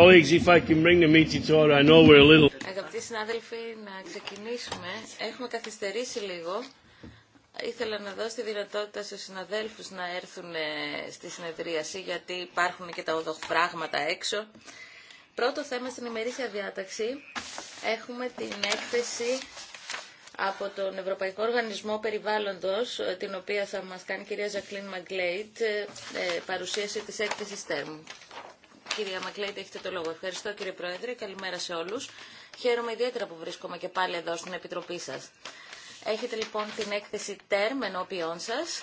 Colleagues, if I can bring the meeting to order, I know we're a little. Αγαπητοί συνάδελφοι, να ξεκινήσουμε. Έχουμε καθυστερήσει λίγο. Ήθελα να δώσω τη δυνατότητα στους συναδέλφους να έρθουν ε, στη συνεδρίαση, γιατί υπάρχουν και τα οδοφράγματα έξω. Πρώτο θέμα στην ημερήσια διάταξη έχουμε την έκθεση από τον Ευρωπαϊκό Οργανισμό Περιβάλλοντος, ε, την οποία θα μας κάνει η κυρία Ζακλίν Μαγκλέιτ, ε, παρουσίαση της έκθεσης τέρμου. Κυρία Μακλέιτ, έχετε το λόγο. Ευχαριστώ κύριε Πρόεδρε. Καλημέρα σε όλους. Χαίρομαι ιδιαίτερα που βρίσκομαι και πάλι εδώ στην Επιτροπή σας. Έχετε λοιπόν την έκθεση ΤΕΡΜ ενώπιόν σας.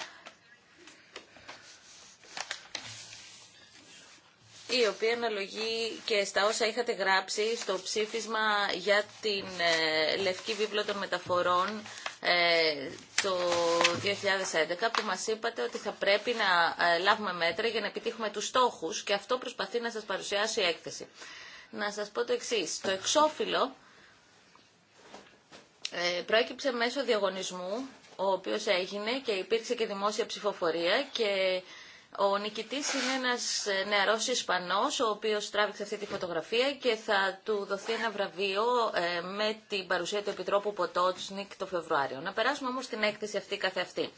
η οποία αναλογεί και στα όσα είχατε γράψει στο ψήφισμα για την ε, Λευκή Βίβλο των Μεταφορών ε, το 2011 που μας είπατε ότι θα πρέπει να ε, λάβουμε μέτρα για να επιτύχουμε τους στόχους και αυτό προσπαθεί να σας παρουσιάσει η έκθεση. Να σας πω το εξής. Το εξώφυλλο ε, προέκυψε μέσω διαγωνισμού ο οποίος έγινε και υπήρξε και δημόσια ψηφοφορία και ο νικητής είναι ένας ε, νεαρός Ισπανός, ο οποίος τράβηξε αυτή τη φωτογραφία και θα του δοθεί ένα βραβείο ε, με την παρουσία του Επιτρόπου Ποτότσνικ το Φεβρουάριο. Να περάσουμε όμως την έκθεση αυτή καθεαυτή.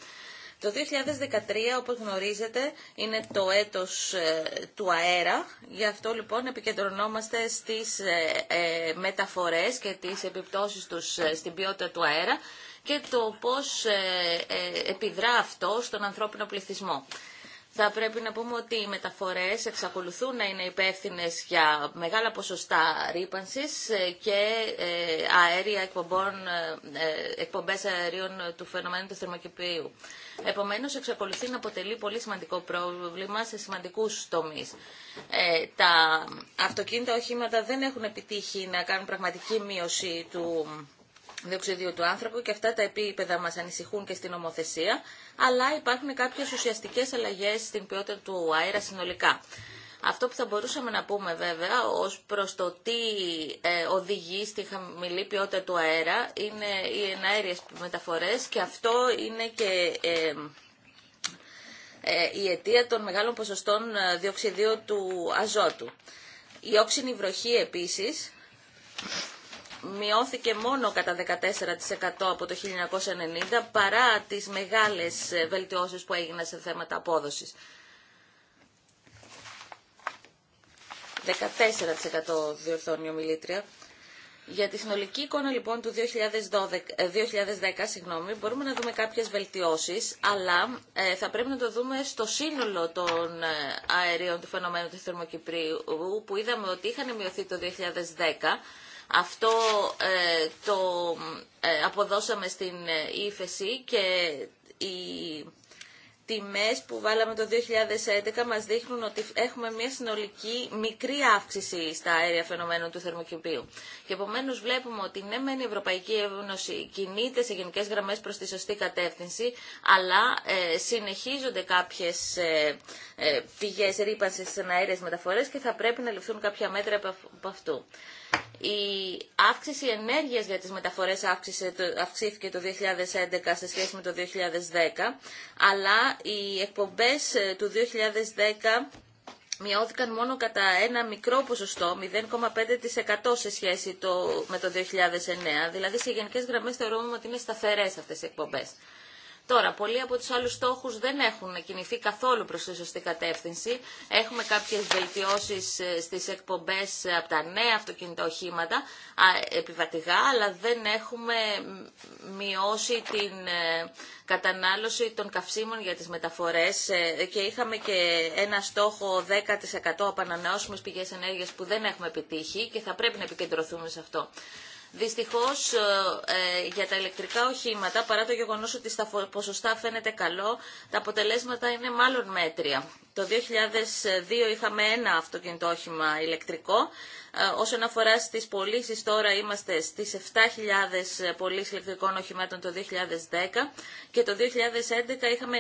Το 2013, όπως γνωρίζετε, είναι το έτος ε, του αέρα. Γι' αυτό λοιπόν επικεντρωνόμαστε στις μεταφορές και τις επιπτώσεις τους στην ποιότητα του αέρα και το πώς επιδρά αυτό στον ανθρώπινο πληθυσμό θα πρέπει να πούμε ότι οι μεταφορές εξακολουθούν να είναι υπεύθυνε για μεγάλα ποσοστά ρήπανσης και ε, αέρια εκπομπών, ε, ε, εκπομπές αερίων του φαινομένου του θερμοκηπίου. Επομένως, εξακολουθεί να αποτελεί πολύ σημαντικό πρόβλημα σε σημαντικούς τομείς. τα αυτοκίνητα οχήματα δεν έχουν επιτύχει να κάνουν πραγματική μείωση του διοξιδίου του άνθρωπου και αυτά τα επίπεδα μας ανησυχούν και στην νομοθεσία, αλλά υπάρχουν κάποιες ουσιαστικές αλλαγές στην ποιότητα του αέρα συνολικά. Αυτό που θα μπορούσαμε να πούμε βέβαια ως προς το τι ε, οδηγεί στη χαμηλή ποιότητα του αέρα είναι οι εναέριες μεταφορές και αυτό είναι και ε, ε, η αιτία των μεγάλων ποσοστών διοξιδίου του αζότου. Η όξινη βροχή επίσης μειώθηκε μόνο κατά 14% από το 1990 παρά τις μεγάλες ε, βελτιώσεις που έγιναν σε θέματα απόδοσης. 14% διορθώνει ο Μιλήτρια. Για τη συνολική εικόνα λοιπόν του 2012, 2010 ε, συγγνώμη, μπορούμε να δούμε κάποιες βελτιώσεις, αλλά ε, θα πρέπει να το δούμε στο σύνολο των αερίων του φαινομένου του θερμοκυπρίου, που είδαμε ότι είχαν μειωθεί το 2010, αυτό ε, το ε, αποδώσαμε στην ε, ύφεση και οι τιμές που βάλαμε το 2011 μας δείχνουν ότι έχουμε μια συνολική μικρή αύξηση στα αέρια φαινομένων του θερμοκηπίου. Και επομένως βλέπουμε ότι ναι μεν η Ευρωπαϊκή Ένωση κινείται σε γενικές γραμμές προς τη σωστή κατεύθυνση, αλλά ε, συνεχίζονται κάποιες ε, πηγές ρήπανσης στις αέριες μεταφορές και θα πρέπει να ληφθούν κάποια μέτρα από αυτού. Η αύξηση ενέργειας για τις μεταφορές αύξησε, αυξήθηκε το 2011 σε σχέση με το 2010, αλλά οι εκπομπές ε, του 2010 μειώθηκαν μόνο κατά ένα μικρό ποσοστό, 0,5% σε σχέση το, με το 2009. Δηλαδή, σε γενικές γραμμές θεωρούμε ότι είναι σταθερές αυτές οι εκπομπές. Τώρα, πολλοί από του άλλου στόχου δεν έχουν κινηθεί καθόλου προ τη σωστή κατεύθυνση. Έχουμε κάποιες βελτιώσεις ε, στις εκπομπές ε, από τα νέα αυτοκινητά οχήματα, επιβατηγά, αλλά δεν έχουμε μειώσει την ε, κατανάλωση των καυσίμων για τις μεταφορές και είχαμε και ένα στόχο 10% από ανανεώσιμες πηγές ενέργειας που δεν έχουμε επιτύχει και θα πρέπει να επικεντρωθούμε σε αυτό. Δυστυχώς ε, ε, για τα ηλεκτρικά οχήματα, παρά το γεγονός ότι στα ποσοστά φαίνεται καλό, τα αποτελέσματα είναι μάλλον μέτρια. Το 2002 είχαμε ένα αυτοκινητόχημα ηλεκτρικό, ε, όσον αφορά στις πωλήσει τώρα είμαστε στις 7.000 πωλήσει ηλεκτρικών οχημάτων το 2010 και το 2011 είχαμε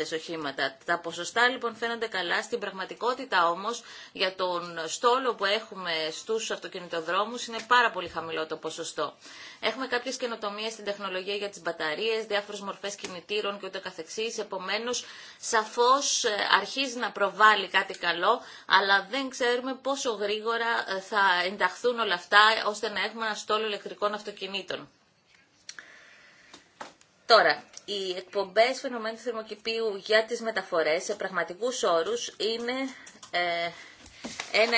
9.000 οχήματα. Τα ποσοστά λοιπόν φαίνονται καλά, στην πραγματικότητα όμως για τον στόλο που έχουμε στους αυτοκινητοδρόμους είναι πάρα πολύ χαμηλό το ποσοστό. Έχουμε κάποιε καινοτομίε στην τεχνολογία για τι μπαταρίε, διάφορε μορφέ κινητήρων και κ.ο.κ. Επομένω, σαφώ ε, αρχίζει να προβάλλει κάτι καλό, αλλά δεν ξέρουμε πόσο γρήγορα ε, θα ενταχθούν όλα αυτά ώστε να έχουμε ένα στόλο ηλεκτρικών αυτοκινήτων. Τώρα, οι εκπομπέ φαινομένου θερμοκηπίου για τι μεταφορέ σε πραγματικού όρου, είναι ε, ένα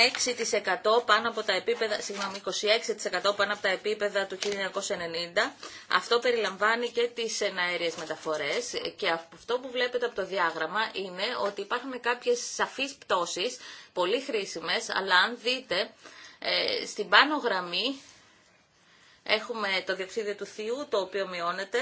6% πάνω από τα επίπεδα, συγγνώμη, 26% πάνω από τα επίπεδα του 1990. Αυτό περιλαμβάνει και τις εναέριες μεταφορές και αυτό που βλέπετε από το διάγραμμα είναι ότι υπάρχουν κάποιες σαφείς πτώσεις, πολύ χρήσιμες, αλλά αν δείτε ε, στην πάνω γραμμή έχουμε το διοξίδιο του θείου, το οποίο μειώνεται,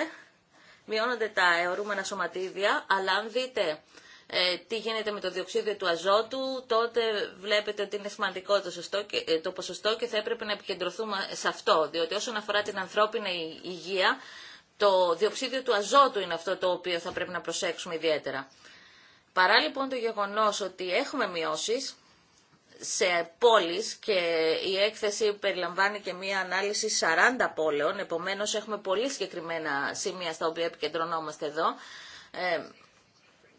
μειώνονται τα αιωρούμενα σωματίδια, αλλά αν δείτε ε, τι γίνεται με το διοξίδιο του αζότου, τότε βλέπετε ότι είναι σημαντικό το, σωστό ε, το ποσοστό και θα έπρεπε να επικεντρωθούμε σε αυτό, διότι όσον αφορά την ανθρώπινη υγεία, το διοξίδιο του αζότου είναι αυτό το οποίο θα πρέπει να προσέξουμε ιδιαίτερα. Παρά λοιπόν το γεγονός ότι έχουμε μειώσεις σε πόλεις και η έκθεση περιλαμβάνει και μία ανάλυση 40 πόλεων, επομένως έχουμε πολύ συγκεκριμένα σημεία στα οποία επικεντρωνόμαστε εδώ, ε,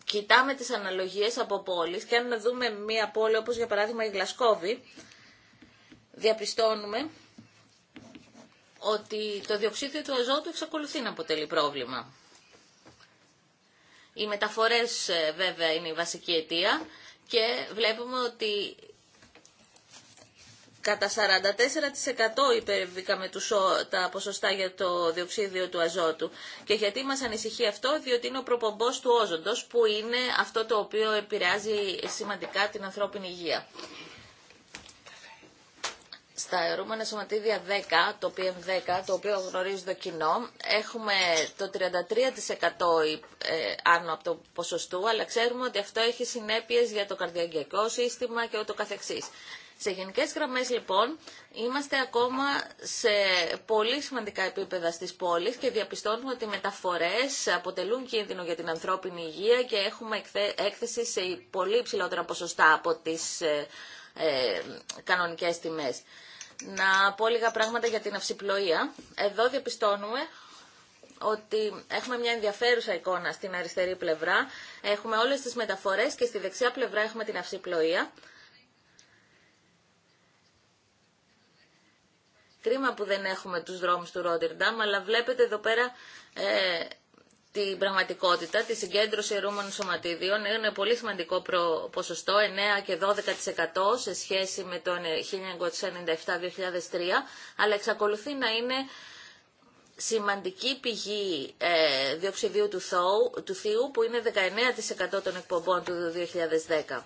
κοιτάμε τις αναλογίες από πόλεις και αν δούμε μία πόλη όπως για παράδειγμα η Γλασκόβη, διαπιστώνουμε ότι το διοξίδιο του αζότου εξακολουθεί να αποτελεί πρόβλημα. Οι μεταφορές ε, βέβαια είναι η βασική αιτία και βλέπουμε ότι Κατά 44% υπερβήκαμε τους, τα ποσοστά για το διοξίδιο του αζότου. Και γιατί μας ανησυχεί αυτό, διότι είναι ο προπομπός του όζοντος, που είναι αυτό το οποίο επηρεάζει σημαντικά την ανθρώπινη υγεία. Στα αερούμενα σωματίδια 10, το PM10, το οποίο γνωρίζει το κοινό, έχουμε το 33% ε, άνω από το ποσοστού, αλλά ξέρουμε ότι αυτό έχει συνέπειες για το καρδιαγγειακό σύστημα και ούτω καθεξής. Σε γενικές γραμμές λοιπόν είμαστε ακόμα σε πολύ σημαντικά επίπεδα στις πόλεις και διαπιστώνουμε ότι οι μεταφορές αποτελούν κίνδυνο για την ανθρώπινη υγεία και έχουμε έκθεση σε πολύ υψηλότερα ποσοστά από τις ε, ε, κανονικές τιμές. Να πω λίγα πράγματα για την αυσιπλοεία. Εδώ διαπιστώνουμε ότι έχουμε μια ενδιαφέρουσα εικόνα στην αριστερή πλευρά. Έχουμε όλες τις μεταφορές και στη δεξιά πλευρά έχουμε την αυσιπλοεία. Κρίμα που δεν έχουμε τους δρόμους του Ρόντερνταμ, αλλά βλέπετε εδώ πέρα ε, την πραγματικότητα, τη συγκέντρωση αιρούμενων σωματίδιων. Είναι πολύ σημαντικό ποσοστό, 9 και 12% σε σχέση με το 1997-2003, ε, αλλά εξακολουθεί να είναι σημαντική πηγή ε, διοξιδίου του, του θείου που είναι 19% των εκπομπών του 2010.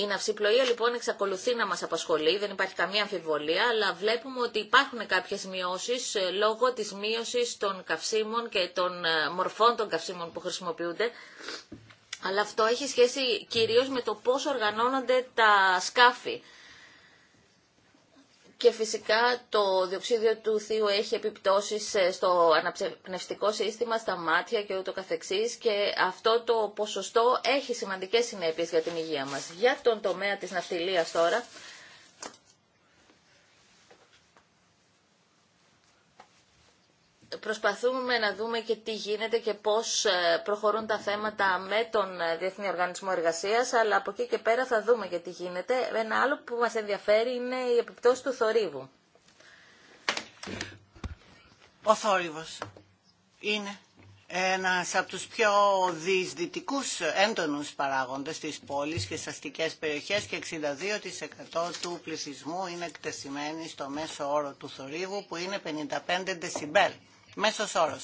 Η ναυσιπλοεία λοιπόν εξακολουθεί να μας απασχολεί, δεν υπάρχει καμία αμφιβολία, αλλά βλέπουμε ότι υπάρχουν κάποιες μειώσεις ε, λόγω της μείωσης των καυσίμων και των ε, μορφών των καυσίμων που χρησιμοποιούνται. Αλλά αυτό έχει σχέση κυρίως με το πώς οργανώνονται τα σκάφη και φυσικά το διοξίδιο του θείου έχει επιπτώσεις ε, στο αναπνευστικό σύστημα, στα μάτια και ούτω καθεξής και αυτό το ποσοστό έχει σημαντικές συνέπειες για την υγεία μας. Για τον τομέα της ναυτιλίας τώρα, προσπαθούμε να δούμε και τι γίνεται και πώς ε, προχωρούν τα θέματα με τον ε, Διεθνή Οργανισμό Εργασίας, αλλά από εκεί και πέρα θα δούμε και τι γίνεται. Ένα άλλο που μας ενδιαφέρει είναι η επιπτώση του θορύβου. Ο θόρυβος είναι ένας από τους πιο διεισδυτικούς έντονους παράγοντες στις πόλεις και στις αστικές περιοχές και 62% του πληθυσμού είναι εκτεσιμένοι στο μέσο όρο του θορύβου που είναι 55 δεσιμπέλ. Μέσο όρο.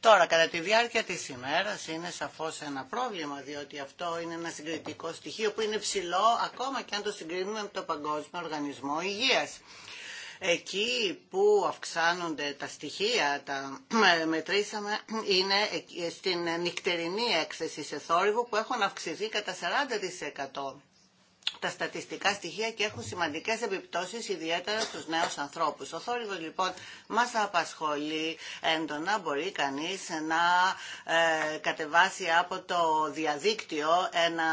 Τώρα, κατά τη διάρκεια της ημέρα, είναι σαφώς ένα πρόβλημα, διότι αυτό είναι ένα συγκριτικό στοιχείο που είναι ψηλό, ακόμα και αν το συγκρίνουμε με το Παγκόσμιο Οργανισμό Υγείας. Εκεί που αυξάνονται τα στοιχεία, τα μετρήσαμε, είναι στην νυχτερινή έκθεση σε θόρυβο που έχουν αυξηθεί κατά 40% τα στατιστικά στοιχεία και έχουν σημαντικές επιπτώσεις ιδιαίτερα στους νέους ανθρώπους. Ο θόρυβος λοιπόν μας απασχολεί έντονα, μπορεί κανείς να ε, κατεβάσει από το διαδίκτυο ένα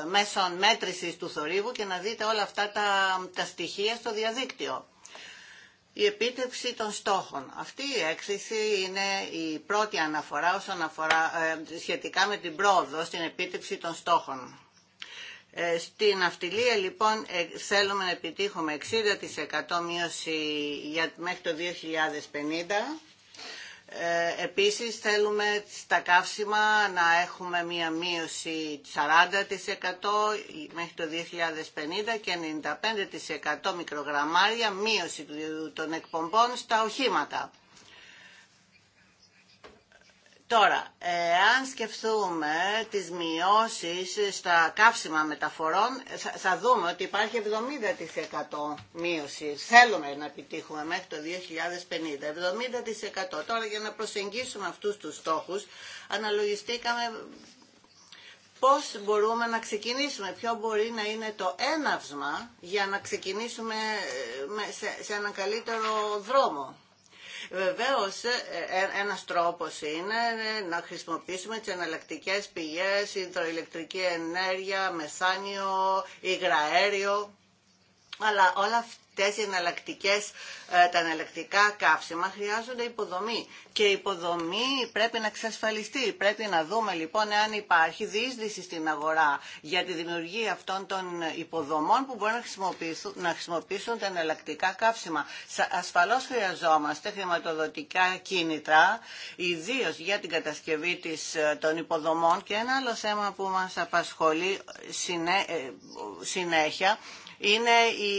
ε, ε, μέσο μέτρησης του θορύβου και να δείτε όλα αυτά τα, τα στοιχεία στο διαδίκτυο. Η επίτευξη των στόχων. Αυτή η έκθεση είναι η πρώτη αναφορά όσον αφορά ε, σχετικά με την πρόοδο στην επίτευξη των στόχων ε, στην ναυτιλία λοιπόν ε, θέλουμε να επιτύχουμε 60% μείωση για, μέχρι το 2050. Ε, επίσης θέλουμε στα καύσιμα να έχουμε μία μείωση 40% μέχρι το 2050 και 95% μικρογραμμάρια μείωση των εκπομπών στα οχήματα. Τώρα, ε, αν σκεφτούμε τις μειώσεις στα καύσιμα μεταφορών, θα δούμε ότι υπάρχει 70% μείωση. Θέλουμε να επιτύχουμε μέχρι το 2050. 70%. Τώρα, για να προσεγγίσουμε αυτούς τους στόχους, αναλογιστήκαμε πώς μπορούμε να ξεκινήσουμε, ποιο μπορεί να είναι το έναυσμα για να ξεκινήσουμε ε, σε έναν καλύτερο δρόμο. Βεβαίως ε, ε, ένας τρόπος είναι να χρησιμοποιήσουμε τις εναλλακτικές πηγές, υδροηλεκτρική ενέργεια, μεθάνιο, υγραέριο αλλά όλα αυτέ οι εναλλακτικέ ε, τα εναλλακτικά καύσιμα χρειάζονται υποδομή. Και η υποδομή πρέπει να εξασφαλιστεί. Πρέπει να δούμε λοιπόν αν υπάρχει διείσδυση στην αγορά για τη δημιουργία αυτών των υποδομών που μπορούν να χρησιμοποιήσουν, να χρησιμοποιήσουν τα εναλλακτικά καύσιμα. Ασφαλώς χρειαζόμαστε χρηματοδοτικά κίνητρα, ιδίω για την κατασκευή της, ε, των υποδομών. Και ένα άλλο θέμα που μας απασχολεί ε, συνέχεια είναι η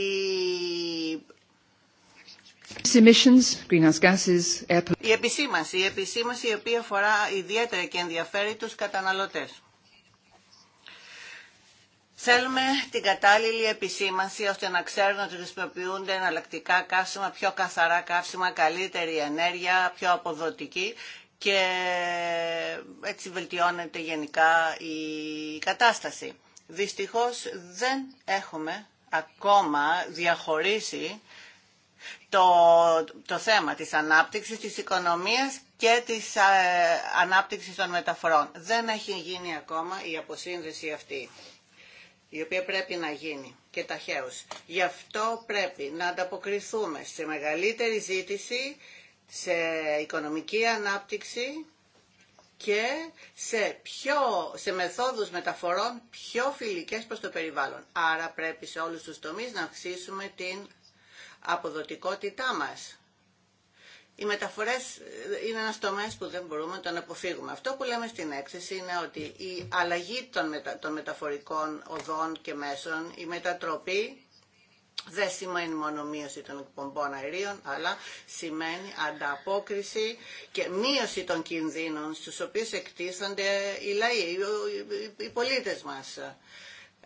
η επισήμαση, η επισήμαση η οποία αφορά ιδιαίτερα και ενδιαφέρει τους καταναλωτές. Θέλουμε την κατάλληλη επισήμαση ώστε να ξέρουν ότι χρησιμοποιούνται εναλλακτικά καύσιμα, πιο καθαρά καύσιμα, καλύτερη ενέργεια, πιο αποδοτική και έτσι βελτιώνεται γενικά η κατάσταση. Δυστυχώς δεν έχουμε ακόμα διαχωρίσει το, το θέμα της ανάπτυξης της οικονομίας και της ε, ανάπτυξης των μεταφορών. Δεν έχει γίνει ακόμα η αποσύνδεση αυτή, η οποία πρέπει να γίνει και ταχαίως. Γι' αυτό πρέπει να ανταποκριθούμε σε μεγαλύτερη ζήτηση, σε οικονομική ανάπτυξη και σε, πιο, σε μεθόδους μεταφορών πιο φιλικές προς το περιβάλλον. Άρα πρέπει σε όλους τους τομείς να αυξήσουμε την αποδοτικότητά μας. Οι μεταφορές ε, είναι ένας τομέας που δεν μπορούμε να τον αποφύγουμε. Αυτό που λέμε στην έκθεση είναι ότι η αλλαγή των, μεταφορικών οδών και μέσων, η μετατροπή δεν σημαίνει μόνο μείωση των εκπομπών αερίων, αλλά σημαίνει ανταπόκριση και μείωση των κινδύνων στους οποίους εκτίθενται οι λαοί, οι πολίτες μας.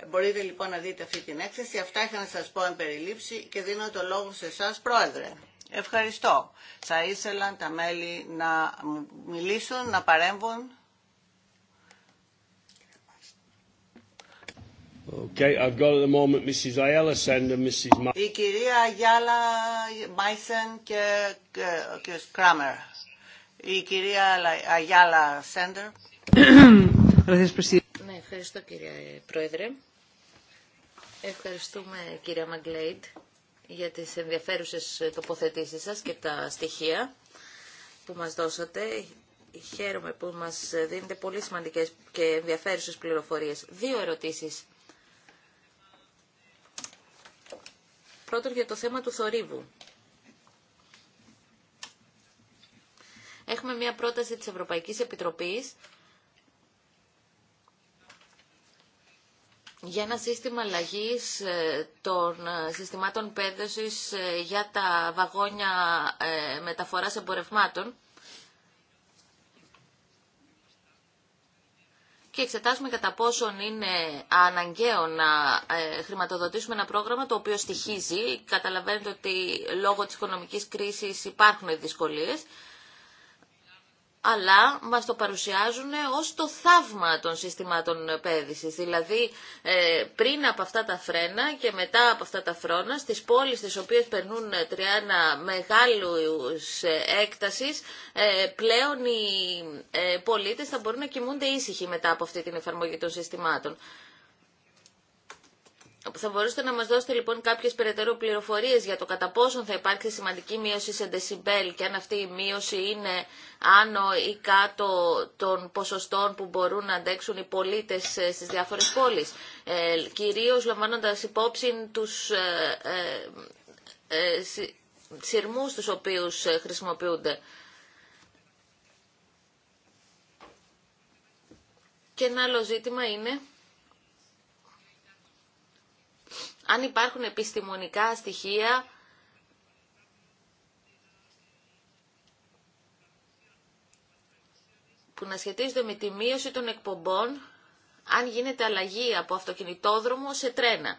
Μπορείτε λοιπόν να δείτε αυτή την έκθεση. Αυτά είχα να σας πω εν περιλήψη και δίνω το λόγο σε εσά Πρόεδρε. Ευχαριστώ. Θα ήθελα τα μέλη να μιλήσουν, να παρέμβουν. Η κυρία Αγιάλα Μάισεν και ο κ. Κράμερ. Η κυρία Αγιάλα Σέντερ. Ναι, ευχαριστώ κύριε Πρόεδρε. Ευχαριστούμε κυρία Μαγκλέιτ για τις ενδιαφέρουσες τοποθετήσεις σας και τα στοιχεία που μας δώσατε. Χαίρομαι που μας δίνετε πολύ σημαντικές και ενδιαφέρουσες πληροφορίες. Δύο ερωτήσεις πρώτον για το θέμα του θορύβου. Έχουμε μια πρόταση της Ευρωπαϊκής Επιτροπής για ένα σύστημα αλλαγή ε, των ε, συστημάτων πέδωσης ε, για τα βαγόνια μεταφοράς εμπορευμάτων και εξετάσουμε κατά πόσον είναι αναγκαίο να ε, χρηματοδοτήσουμε ένα πρόγραμμα το οποίο στοιχίζει. Καταλαβαίνετε ότι λόγω της οικονομικής κρίσης υπάρχουν δυσκολίες αλλά μας το παρουσιάζουν ως το θαύμα των συστημάτων πέδησης. Δηλαδή, ε, πριν από αυτά τα φρένα και μετά από αυτά τα φρόνα, στις πόλεις τις οποίες περνούν τριάνα μεγάλους ε, έκτασης, ε, πλέον οι πολίτες θα μπορούν να κοιμούνται ήσυχοι μετά από αυτή την εφαρμογή των συστημάτων. Θα μπορούσατε να μας δώσετε λοιπόν κάποιες περαιτέρω πληροφορίες για το κατά πόσον θα υπάρξει σημαντική μείωση σε δεσιμπέλ και αν αυτή η μείωση είναι άνω ή κάτω των ποσοστών που μπορούν να αντέξουν οι πολίτες ε, στις διάφορες πόλεις. Ε, κυρίως λαμβάνοντας υπόψη τους ε, ε, ε σειρμούς τους οποίους ε, χρησιμοποιούνται. Και ένα άλλο ζήτημα είναι... αν υπάρχουν επιστημονικά στοιχεία που να σχετίζονται με τη μείωση των εκπομπών αν γίνεται αλλαγή από αυτοκινητόδρομο σε τρένα.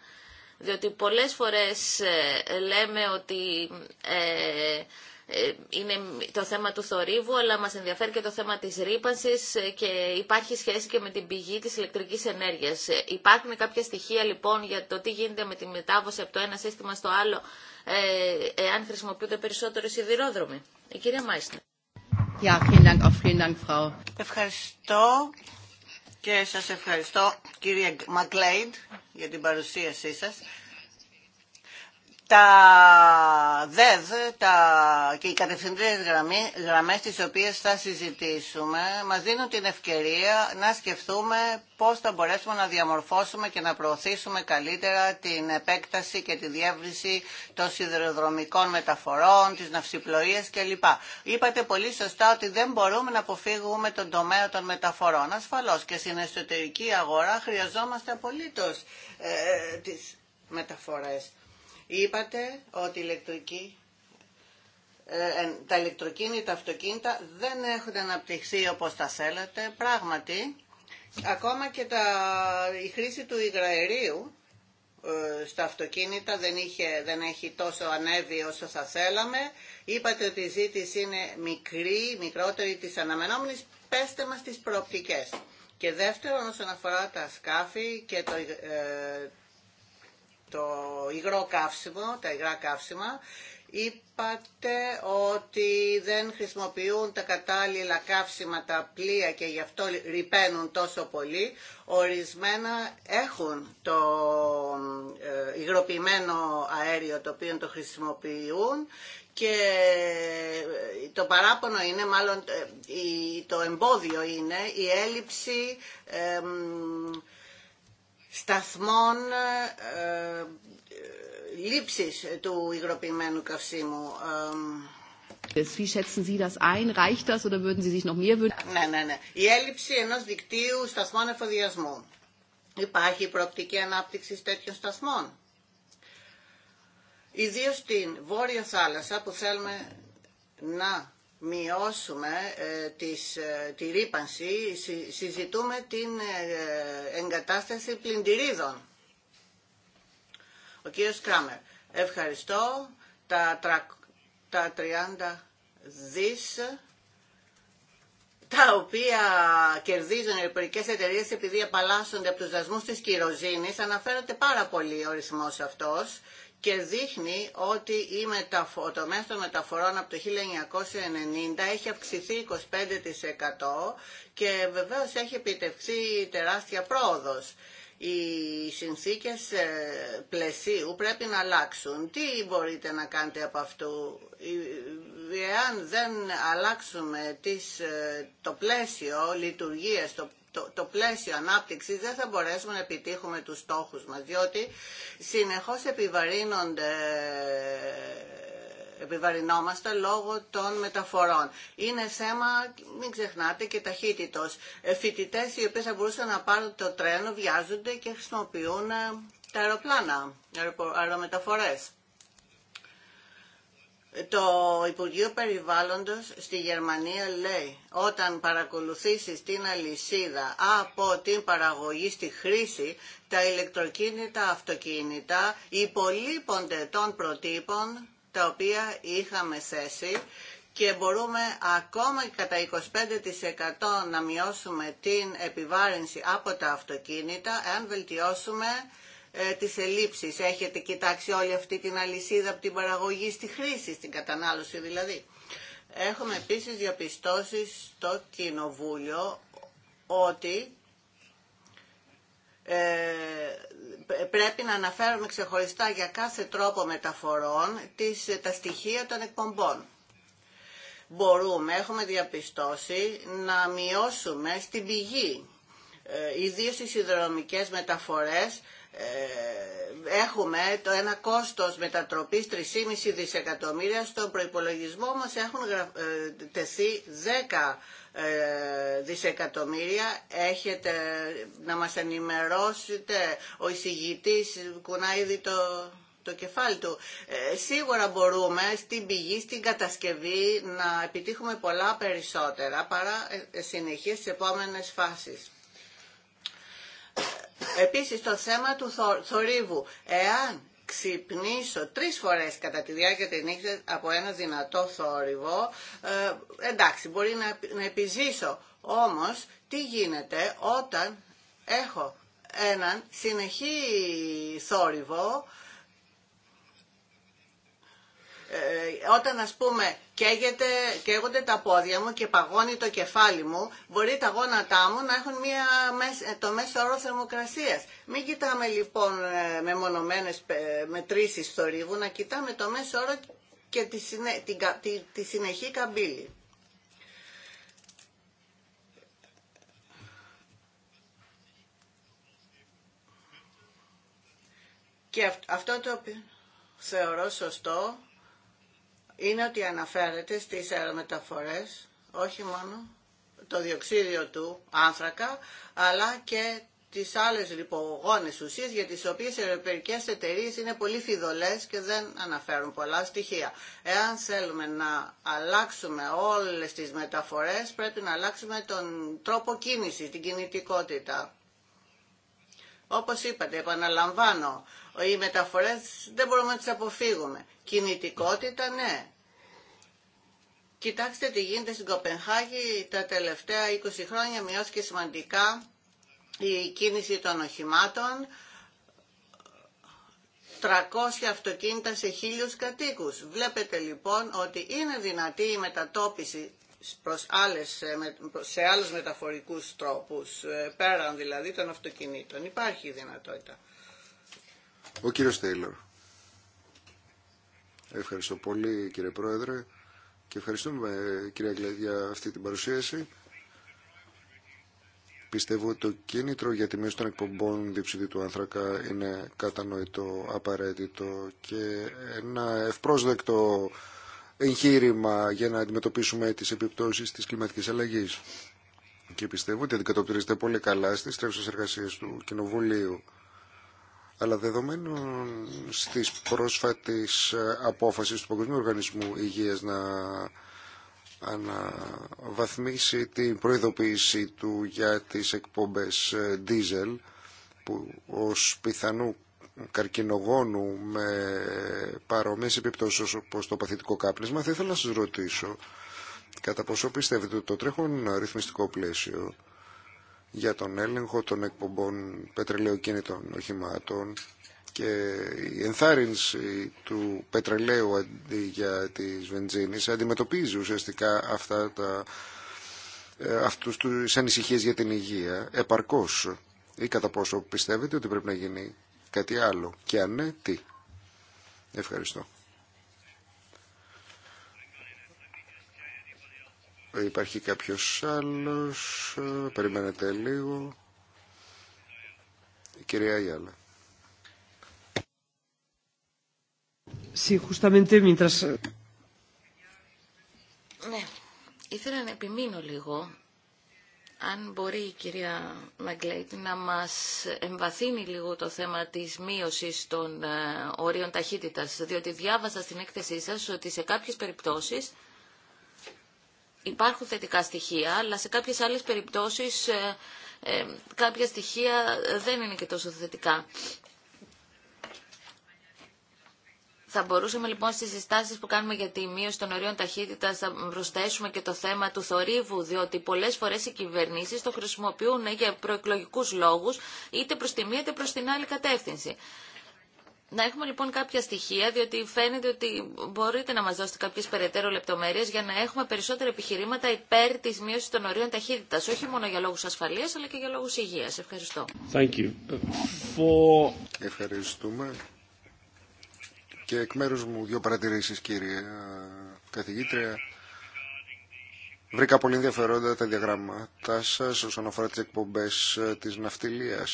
Διότι πολλές φορές ε, λέμε ότι ε, ε, είναι το θέμα του θορύβου, αλλά μας ενδιαφέρει και το θέμα της ρήπανσης ε, και υπάρχει σχέση και με την πηγή της ηλεκτρικής ενέργειας. Ε, υπάρχουν κάποια στοιχεία λοιπόν για το τι γίνεται με τη μετάβαση από το ένα σύστημα στο άλλο, αν χρησιμοποιούνται περισσότερο σιδηρόδρομοι. Η κυρία Μάιστα. Ευχαριστώ και σας ευχαριστώ κύριε Μακλέιντ για την παρουσίασή σας τα ΔΕΔ τα, και οι κατευθυντές γραμμές, γραμμές τις οποίες θα συζητήσουμε μας δίνουν την ευκαιρία να σκεφτούμε πώς θα μπορέσουμε να διαμορφώσουμε και να προωθήσουμε καλύτερα την επέκταση και τη διεύρυνση των σιδηροδρομικών μεταφορών, της ναυσιπλοείες κλπ. Είπατε πολύ σωστά ότι δεν μπορούμε να αποφύγουμε τον τομέα των μεταφορών. Ασφαλώς και στην εσωτερική αγορά χρειαζόμαστε απολύτως ε, ε τις Είπατε ότι ηλεκτρική, ε, τα ηλεκτροκίνητα, αυτοκίνητα δεν έχουν αναπτυχθεί όπως τα θέλατε. Πράγματι, ακόμα και τα, η χρήση του υγραερίου ε, στα αυτοκίνητα δεν, είχε, δεν έχει τόσο ανέβει όσο θα θέλαμε. Είπατε ότι η ζήτηση είναι μικρή, μικρότερη της αναμενόμενης. Πέστε μας τις προοπτικές. Και δεύτερον, όσον αφορά τα σκάφη και το, ε, το υγρό καύσιμο, τα υγρά καύσιμα, είπατε ότι δεν χρησιμοποιούν τα κατάλληλα καύσιμα τα πλοία και γι' αυτό ρηπαίνουν τόσο πολύ. Ορισμένα έχουν το ε, υγροποιημένο αέριο το οποίο το χρησιμοποιούν και ε, το παράπονο είναι, μάλλον ε, το εμπόδιο είναι η έλλειψη σταθμών ε, ε, λήψης του υγροποιημένου καυσίμου. Ναι, ναι, ναι. Η έλλειψη ενός δικτύου σταθμών εφοδιασμού. Υπάρχει προοπτική ανάπτυξη τέτοιων σταθμών. Ιδίω στην Βόρεια Θάλασσα που θέλουμε να μειώσουμε ε, ε, τη ρήπανση, συζητούμε την ε, εγκατάσταση πλυντηρίδων. Ο κύριος Κράμερ, ευχαριστώ τα, τα 30 δις τα οποία κερδίζουν οι ευρωπαϊκέ εταιρείε επειδή απαλλάσσονται από του δασμού τη κυροζήνη. Αναφέρεται πάρα πολύ ο ορισμό αυτό και δείχνει ότι η μέσο των μεταφορών από το 1990 έχει αυξηθεί 25% και βεβαίως έχει επιτευχθεί τεράστια πρόοδος. Οι συνθήκες ε, πλαισίου πρέπει να αλλάξουν. Τι μπορείτε να κάνετε από αυτού. Ε, εάν δεν αλλάξουμε ε, το πλαίσιο λειτουργίας, το το, το πλαίσιο ανάπτυξης δεν θα μπορέσουμε να επιτύχουμε τους στόχους μας, διότι συνεχώς επιβαρύνονται επιβαρυνόμαστε λόγω των μεταφορών. Είναι θέμα, μην ξεχνάτε, και ταχύτητος. Ε, Φοιτητέ οι οποίοι θα μπορούσαν να πάρουν το τρένο βιάζονται και χρησιμοποιούν ε, τα αεροπλάνα, αερομεταφορές. Το Υπουργείο Περιβάλλοντος στη Γερμανία λέει όταν παρακολουθήσεις την αλυσίδα από την παραγωγή στη χρήση τα ηλεκτροκίνητα αυτοκίνητα υπολείπονται των προτύπων τα οποία είχαμε θέσει και μπορούμε ακόμα και κατά 25% να μειώσουμε την επιβάρυνση από τα αυτοκίνητα εάν βελτιώσουμε ε, τις ελλείψεις. Έχετε κοιτάξει όλη αυτή την αλυσίδα από την παραγωγή στη χρήση, στην κατανάλωση δηλαδή. Έχουμε επίσης διαπιστώσει στο Κοινοβούλιο ότι ε, πρέπει να αναφέρουμε ξεχωριστά για κάθε τρόπο μεταφορών τις, τα στοιχεία των εκπομπών. Μπορούμε, έχουμε διαπιστώσει, να μειώσουμε στην πηγή, ε, ιδίως στις συνδρομικές μεταφορές, ε, έχουμε το ένα κόστος μετατροπής 3,5 δισεκατομμύρια στον προϋπολογισμό μας έχουν ε, τεθεί 10 ε, δισεκατομμύρια έχετε να μας ενημερώσετε ο εισηγητής κουνάει ήδη το, το κεφάλι του σίγουρα μπορούμε στην πηγή, στην κατασκευή να επιτύχουμε πολλά περισσότερα παρά συνεχίσει στις επόμενες φάσεις Επίσης το θέμα του θορύβου. Εάν ξυπνήσω τρεις φορές κατά τη διάρκεια της νύχτας από ένα δυνατό θόρυβο, ε, εντάξει, μπορεί να, να επιζήσω. Όμως, τι γίνεται όταν έχω έναν συνεχή θόρυβο ε, όταν ας πούμε καίγεται, καίγονται τα πόδια μου και παγώνει το κεφάλι μου, μπορεί τα γόνατά μου να έχουν μια, ε, το μέσο όρο θερμοκρασίας. Μην κοιτάμε λοιπόν ε, με μονομένες μετρήσεις θορύβου, να κοιτάμε το μέσο όρο και τη, συνεχή καμπύλη. Και αυτό το οποίο θεωρώ σωστό είναι ότι αναφέρεται στις αερομεταφορές όχι μόνο το διοξίδιο του άνθρακα αλλά και τις άλλες λιπογόνες ουσίες για τις οποίες οι ευρωπαϊκές εταιρείε είναι πολύ φιδωλές και δεν αναφέρουν πολλά στοιχεία. Εάν θέλουμε να αλλάξουμε όλες τις μεταφορές πρέπει να αλλάξουμε τον τρόπο κίνησης, την κινητικότητα. Όπως είπατε, επαναλαμβάνω, οι μεταφορές δεν μπορούμε να τις αποφύγουμε. Κινητικότητα, ναι. Κοιτάξτε τι γίνεται στην Κοπενχάγη τα τελευταία 20 χρόνια μειώθηκε σημαντικά η κίνηση των οχημάτων 300 αυτοκίνητα σε χίλιους κατοίκους. Βλέπετε λοιπόν ότι είναι δυνατή η μετατόπιση προς άλλες, σε άλλους μεταφορικούς τρόπους, πέραν δηλαδή των αυτοκινήτων. Υπάρχει δυνατότητα. Ο κύριος Τέιλορ. Ευχαριστώ πολύ κύριε Πρόεδρε και ευχαριστούμε κυρία Αγγλέ για αυτή την παρουσίαση. Πιστεύω ότι το κίνητρο για τη μείωση των εκπομπών διευσυντήτου του άνθρακα είναι κατανοητό, απαραίτητο και ένα ευπρόσδεκτο εγχείρημα για να αντιμετωπίσουμε τις επιπτώσεις της κλιματικής αλλαγής. Και πιστεύω ότι αντικατοπτρίζεται πολύ καλά στις τρέψεις εργασίες του Κοινοβουλίου αλλά δεδομένων στις πρόσφατες ε, απόφασης του Παγκοσμίου Οργανισμού Υγείας να αναβαθμίσει την προειδοποίησή του για τις εκπομπές diesel ε, που ως πιθανού καρκινογόνου με παρόμοιες επιπτώσεις όπως το παθητικό κάπνισμα θα ήθελα να σας ρωτήσω κατά πόσο πιστεύετε ότι το τρέχον ρυθμιστικό πλαίσιο για τον έλεγχο των εκπομπών κινητών οχημάτων και η ενθάρρυνση του πετρελαίου αντί για τις βενζίνες αντιμετωπίζει ουσιαστικά αυτά τα, ε, αυτούς τους ανησυχίες για την υγεία επαρκώς ή κατά πόσο πιστεύετε ότι πρέπει να γίνει κάτι άλλο και αν ναι, τι. Ευχαριστώ. Υπάρχει κάποιος άλλος. Ε, περιμένετε λίγο. Η κυρία Γιάλα. Sí, justamente mientras... Ναι, ήθελα να επιμείνω λίγο. Αν μπορεί η κυρία Μαγκλέιτ να μας εμβαθύνει λίγο το θέμα της μείωσης των ε, ορίων ταχύτητας, διότι διάβασα στην έκθεσή σας ότι σε κάποιες περιπτώσεις υπάρχουν θετικά στοιχεία, αλλά σε κάποιες άλλες περιπτώσεις ε, ε, κάποια στοιχεία δεν είναι και τόσο θετικά. Θα μπορούσαμε λοιπόν στις συστάσεις που κάνουμε για τη μείωση των ορίων ταχύτητας να προσθέσουμε και το θέμα του θορύβου, διότι πολλές φορές οι κυβερνήσεις το χρησιμοποιούν για προεκλογικούς λόγους, είτε προς τη μία είτε προς την άλλη κατεύθυνση. Να έχουμε λοιπόν κάποια στοιχεία, διότι φαίνεται ότι μπορείτε να μας δώσετε κάποιες περαιτέρω λεπτομέρειες για να έχουμε περισσότερα επιχειρήματα υπέρ τη μείωση των ορίων ταχύτητα. όχι μόνο για λόγους ασφαλείας, αλλά και για λόγους υγείας. Ευχαριστώ. Thank you. Ευχαριστούμε. Και εκ μέρου μου δύο παρατηρήσει κύριε ε, καθηγήτρια. Βρήκα πολύ ενδιαφερόντα τα διαγράμματά σα όσον αφορά τι εκπομπέ ε, τη ναυτιλία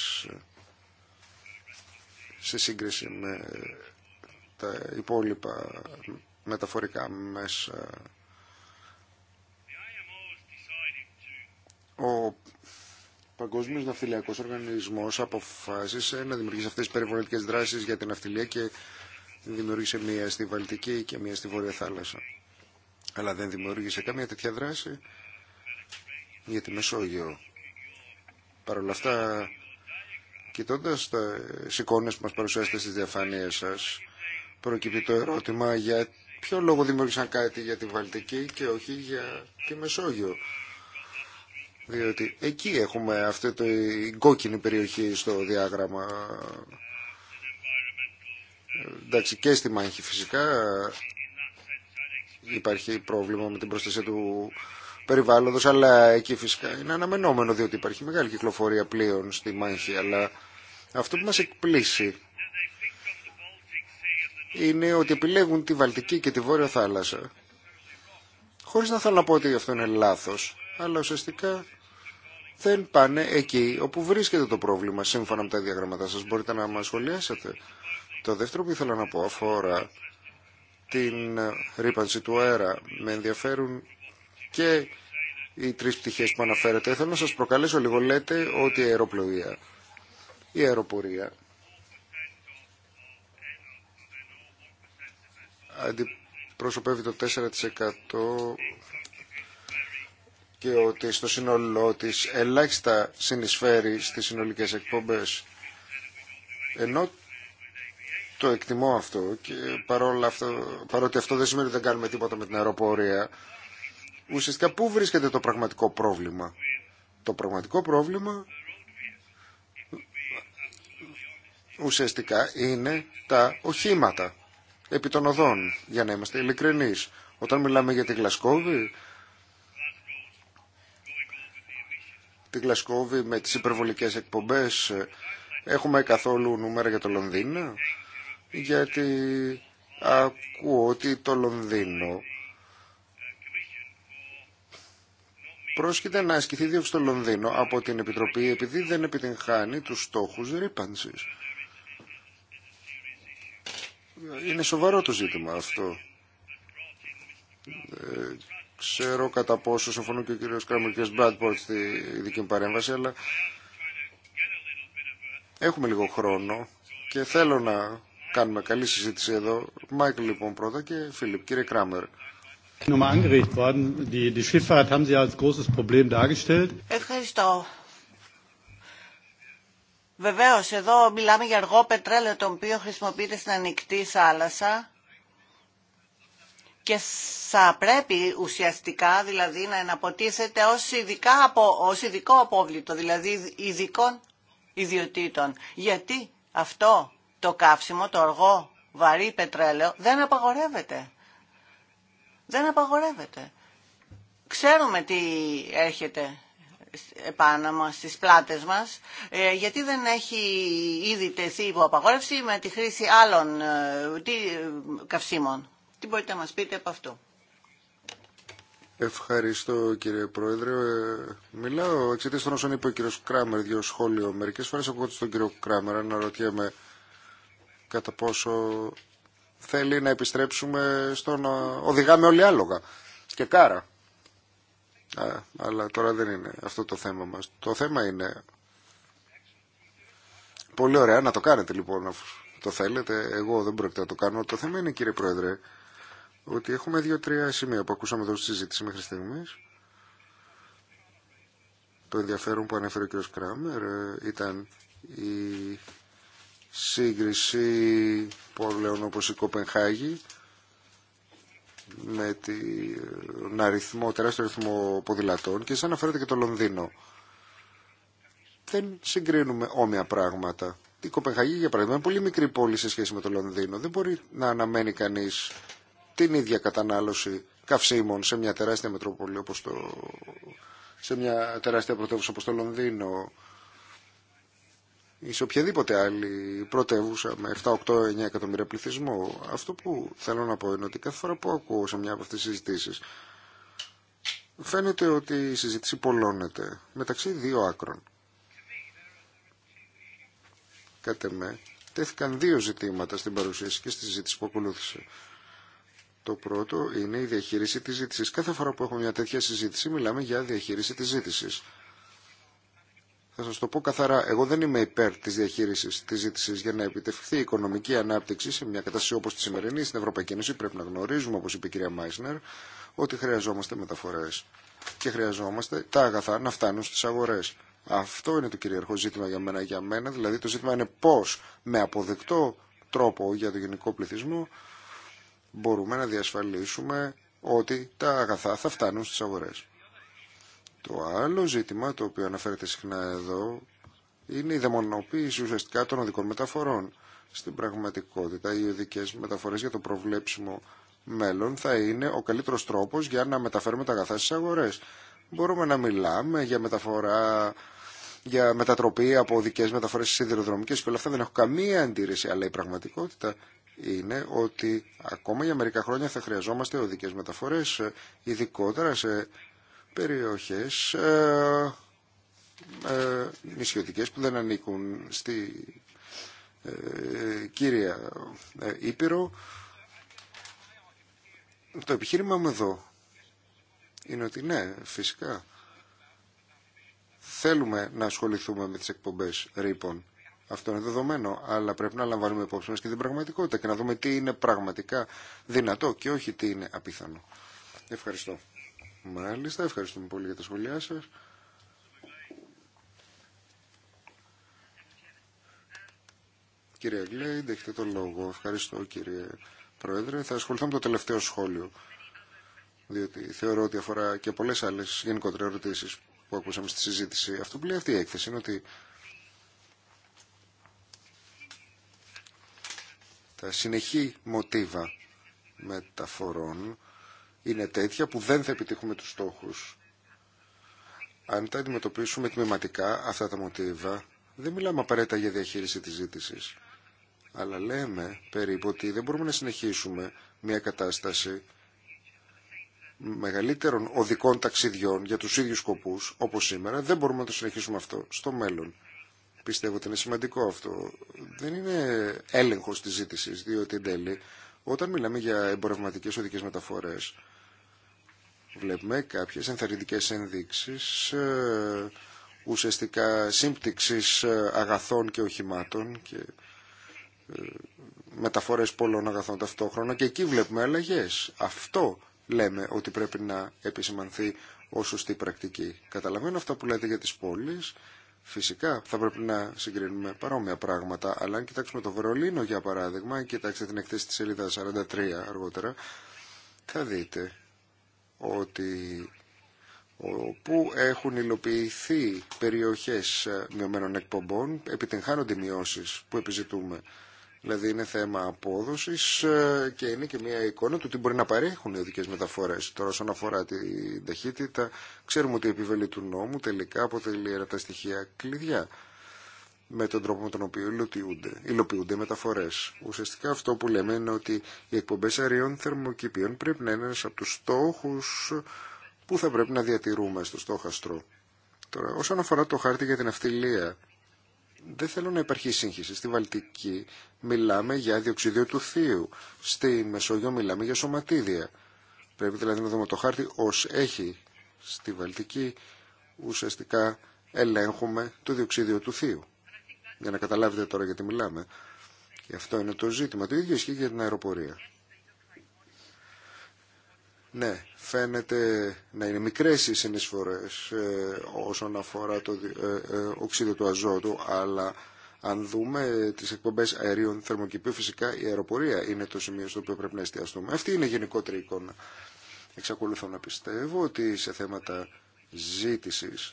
σε σύγκριση με τα υπόλοιπα μεταφορικά μέσα. Ο Παγκόσμιος Ναυτιλιακός Οργανισμός αποφάσισε να δημιουργήσει αυτές τις περιβαλλοντικές δράσεις για την ναυτιλία και δημιούργησε μία στη Βαλτική και μία στη Βόρεια Θάλασσα. Αλλά δεν δημιούργησε καμία τέτοια δράση για τη Μεσόγειο. Παρ' όλα αυτά Κοιτώντας τα εικόνες που μας παρουσιάσετε στις διαφάνειές σας, προκύπτει το ερώτημα για ποιο λόγο δημιούργησαν κάτι για τη Βαλτική και όχι για τη Μεσόγειο. Διότι εκεί έχουμε αυτή την κόκκινη περιοχή στο διάγραμμα. Εντάξει, και στη μάχη φυσικά υπάρχει πρόβλημα με την προστασία του περιβάλλοντος, αλλά εκεί φυσικά είναι αναμενόμενο διότι υπάρχει μεγάλη κυκλοφορία πλοίων στη μάχη, αλλά αυτό που μας εκπλήσει είναι ότι επιλέγουν τη Βαλτική και τη Βόρεια Θάλασσα. Χωρίς να θέλω να πω ότι αυτό είναι λάθο, αλλά ουσιαστικά δεν πάνε εκεί όπου βρίσκεται το πρόβλημα σύμφωνα με τα διαγραμματά σας. Μπορείτε να μα σχολιάσετε. Το δεύτερο που ήθελα να πω αφορά την ρήπανση του αέρα. Με ενδιαφέρουν και οι τρεις πτυχές που αναφέρετε. Θέλω να σας προκαλέσω λίγο. Λέτε ότι η αεροπλοεία, η αεροπορία αντιπροσωπεύει το 4% και ότι στο σύνολό της ελάχιστα συνεισφέρει στις συνολικές εκπομπές. Ενώ το εκτιμώ αυτό και παρόλα αυτό, παρότι αυτό δεν σημαίνει ότι δεν κάνουμε τίποτα με την αεροπορία, Ουσιαστικά πού βρίσκεται το πραγματικό πρόβλημα. Το πραγματικό πρόβλημα ουσιαστικά είναι τα οχήματα επί των οδών, για να είμαστε ειλικρινείς. Όταν μιλάμε για τη Γλασκόβη, τη Γλασκόβη με τις υπερβολικές εκπομπές, έχουμε καθόλου νούμερα για το Λονδίνο, γιατί ακούω ότι το Λονδίνο πρόσκειται να ασκηθεί δίωξη στο Λονδίνο από την Επιτροπή επειδή δεν επιτυγχάνει τους στόχους ρήπανσης. Είναι σοβαρό το ζήτημα αυτό. Ε, ξέρω κατά πόσο συμφωνούν και ο κύριος Κράμερ και ο στη δική μου παρέμβαση, αλλά έχουμε λίγο χρόνο και θέλω να κάνουμε καλή συζήτηση εδώ. Μάικλ λοιπόν πρώτα και Φίλιπ. Κύριε Κράμερ. Ευχαριστώ. Βεβαίω, εδώ μιλάμε για αργό πετρέλαιο το οποίο χρησιμοποιείται στην ανοιχτή θάλασσα και θα πρέπει ουσιαστικά δηλαδή να εναποτίθεται ως, ως ειδικό απόβλητο, δηλαδή ειδικών ιδιωτήτων. Γιατί αυτό το καύσιμο, το αργό βαρύ πετρέλαιο δεν απαγορεύεται δεν απαγορεύεται. Ξέρουμε τι έρχεται επάνω μας, στις πλάτες μας, ε, γιατί δεν έχει ήδη τεθεί υπό απαγόρευση με τη χρήση άλλων ε, τι, ε, καυσίμων. Τι μπορείτε να μας πείτε από αυτό. Ευχαριστώ κύριε Πρόεδρε. Μιλάω εξαιτία των όσων είπε ο κύριο Κράμερ, δύο σχόλιο. Μερικέ φορέ ακούγοντα τον κύριο Κράμερ, αναρωτιέμαι κατά πόσο θέλει να επιστρέψουμε στο να ε, οδηγάμε όλοι άλογα και κάρα. Α, αλλά τώρα δεν είναι αυτό το θέμα μας. Το θέμα είναι... Πολύ ωραία να το κάνετε λοιπόν αφού το θέλετε. Εγώ δεν πρόκειται να το κάνω. Το θέμα είναι κύριε Πρόεδρε ότι έχουμε δύο-τρία σημεία που ακούσαμε εδώ στη συζήτηση μέχρι στιγμή. Το ενδιαφέρον που ανέφερε ο κ. Κράμερ ε, ήταν η σύγκριση πόλεων όπως η Κοπενχάγη με τον ε, αριθμό, τεράστιο αριθμό ποδηλατών και σαν αναφέρεται και το Λονδίνο. Δεν συγκρίνουμε όμοια πράγματα. Η Κοπενχαγή, για παράδειγμα, είναι πολύ μικρή πόλη σε σχέση με το Λονδίνο. Δεν μπορεί να αναμένει κανεί την ίδια κατανάλωση καυσίμων σε μια τεράστια μετρόπολη όπως το... σε μια τεράστια πρωτεύουσα όπως το Λονδίνο ή σε οποιαδήποτε άλλη πρωτεύουσα με 7, 8, 9 εκατομμύρια πληθυσμό. Αυτό που θέλω να πω είναι ότι κάθε φορά που ακούω σε μια από αυτές τις συζητήσεις φαίνεται ότι η συζήτηση πολλώνεται μεταξύ δύο άκρων. Κάτε με, τέθηκαν δύο ζητήματα στην παρουσίαση και στη συζήτηση που ακολούθησε. Το πρώτο είναι η διαχείριση της ζήτησης. Κάθε φορά που έχουμε μια τέτοια συζήτηση μιλάμε για διαχείριση της ζήτησης. Θα σας το πω καθαρά, εγώ δεν είμαι υπέρ της διαχείρισης της ζήτησης για να επιτευχθεί η οικονομική ανάπτυξη σε μια κατάσταση όπως τη σημερινή στην Ευρωπαϊκή Ένωση. Πρέπει να γνωρίζουμε, όπως είπε η κυρία Μάισνερ, ότι χρειαζόμαστε μεταφορές και χρειαζόμαστε τα αγαθά να φτάνουν στις αγορές. Αυτό είναι το κυρίαρχο ζήτημα για μένα. Για μένα δηλαδή το ζήτημα είναι πώς με αποδεκτό τρόπο για το γενικό πληθυσμό μπορούμε να διασφαλίσουμε ότι τα αγαθά θα φτάνουν στις αγορές. Το άλλο ζήτημα το οποίο αναφέρεται συχνά εδώ είναι η δαιμονοποίηση ουσιαστικά των οδικών μεταφορών. Στην πραγματικότητα οι οδικές μεταφορές για το προβλέψιμο μέλλον θα είναι ο καλύτερος τρόπος για να μεταφέρουμε τα αγαθά στις αγορές. Μπορούμε να μιλάμε για μεταφορά για μετατροπή από οδικέ μεταφορέ στι σιδηροδρομικέ και όλα αυτά δεν έχω καμία αντίρρηση. Αλλά η πραγματικότητα είναι ότι ακόμα για μερικά χρόνια θα χρειαζόμαστε οδικέ μεταφορέ, ειδικότερα σε περιοχές ε, ε, νησιωτικές που δεν ανήκουν στη ε, κύρια ε, Ήπειρο. Το επιχείρημα μου εδώ είναι ότι ναι, φυσικά θέλουμε να ασχοληθούμε με τις εκπομπές ρήπων. Αυτό είναι δεδομένο, αλλά πρέπει να λαμβάνουμε υπόψη μας και την πραγματικότητα και να δούμε τι είναι πραγματικά δυνατό και όχι τι είναι απίθανο. Ευχαριστώ. Μάλιστα, ευχαριστούμε πολύ για τα σχόλιά σας. Κύριε Γκλέιντ, έχετε το λόγο. Ευχαριστώ κύριε Πρόεδρε. Θα ασχοληθώ με το τελευταίο σχόλιο, διότι θεωρώ ότι αφορά και πολλές άλλες γενικότερε ερωτήσει που ακούσαμε στη συζήτηση. Αυτό που λέει αυτή η έκθεση είναι ότι τα συνεχή μοτίβα μεταφορών είναι τέτοια που δεν θα επιτύχουμε τους στόχους. Αν τα αντιμετωπίσουμε τμηματικά αυτά τα μοτίβα, δεν μιλάμε απαραίτητα για διαχείριση της ζήτησης. Αλλά λέμε περίπου ότι δεν μπορούμε να συνεχίσουμε μια κατάσταση μεγαλύτερων οδικών ταξιδιών για τους ίδιους σκοπούς, όπως σήμερα, δεν μπορούμε να το συνεχίσουμε αυτό στο μέλλον. Πιστεύω ότι είναι σημαντικό αυτό. Δεν είναι έλεγχος της ζήτησης, διότι εν τέλει, όταν μιλάμε για εμπορευματικές οδικές μεταφορές, βλέπουμε κάποιες ενθαρρυντικές ενδείξεις ε, ουσιαστικά σύμπτυξης ε, αγαθών και οχημάτων και ε, μεταφορές πολλών αγαθών ταυτόχρονα και εκεί βλέπουμε αλλαγές. Αυτό λέμε ότι πρέπει να επισημανθεί ως σωστή πρακτική. Καταλαβαίνω αυτά που λέτε για τις πόλεις. Φυσικά θα πρέπει να συγκρίνουμε παρόμοια πράγματα, αλλά αν κοιτάξουμε το Βερολίνο για παράδειγμα, κοιτάξτε την εκθέση της σελίδα 43 αργότερα, θα δείτε ότι όπου έχουν υλοποιηθεί περιοχές ε, μειωμένων εκπομπών επιτυγχάνονται μειώσεις που επιζητούμε. Δηλαδή είναι θέμα απόδοσης ε, και είναι και μια εικόνα του τι μπορεί να παρέχουν οι οδικές μεταφορές. Τώρα όσον αφορά την ταχύτητα, ξέρουμε ότι η επιβελή του νόμου τελικά αποτελεί τα στοιχεία κλειδιά με τον τρόπο με τον οποίο υλοποιούνται, υλοποιούνται μεταφορές. Ουσιαστικά αυτό που λέμε είναι ότι οι εκπομπέ αερίων θερμοκηπίων πρέπει να είναι ένα από του στόχου που θα πρέπει να διατηρούμε στο στόχαστρο. Τώρα, όσον αφορά το χάρτη για την αυτιλία, δεν θέλω να υπάρχει σύγχυση. Στη Βαλτική μιλάμε για διοξίδιο του θείου. Στη Μεσόγειο μιλάμε για σωματίδια. Πρέπει δηλαδή να δούμε το χάρτη ω έχει στη Βαλτική ουσιαστικά ελέγχουμε το διοξίδιο του θείου για να καταλάβετε τώρα γιατί μιλάμε. Και αυτό είναι το ζήτημα. Το ίδιο ισχύει για την αεροπορία. Ναι, φαίνεται να είναι μικρές οι συνεισφορές ε, όσον αφορά το ε, ε, οξύδιο του αζότου, αλλά αν δούμε τις εκπομπές αερίων θερμοκηπίου, φυσικά η αεροπορία είναι το σημείο στο οποίο πρέπει να εστιαστούμε. Αυτή είναι η γενικότερη εικόνα. Εξακολουθώ να πιστεύω ότι σε θέματα ζήτησης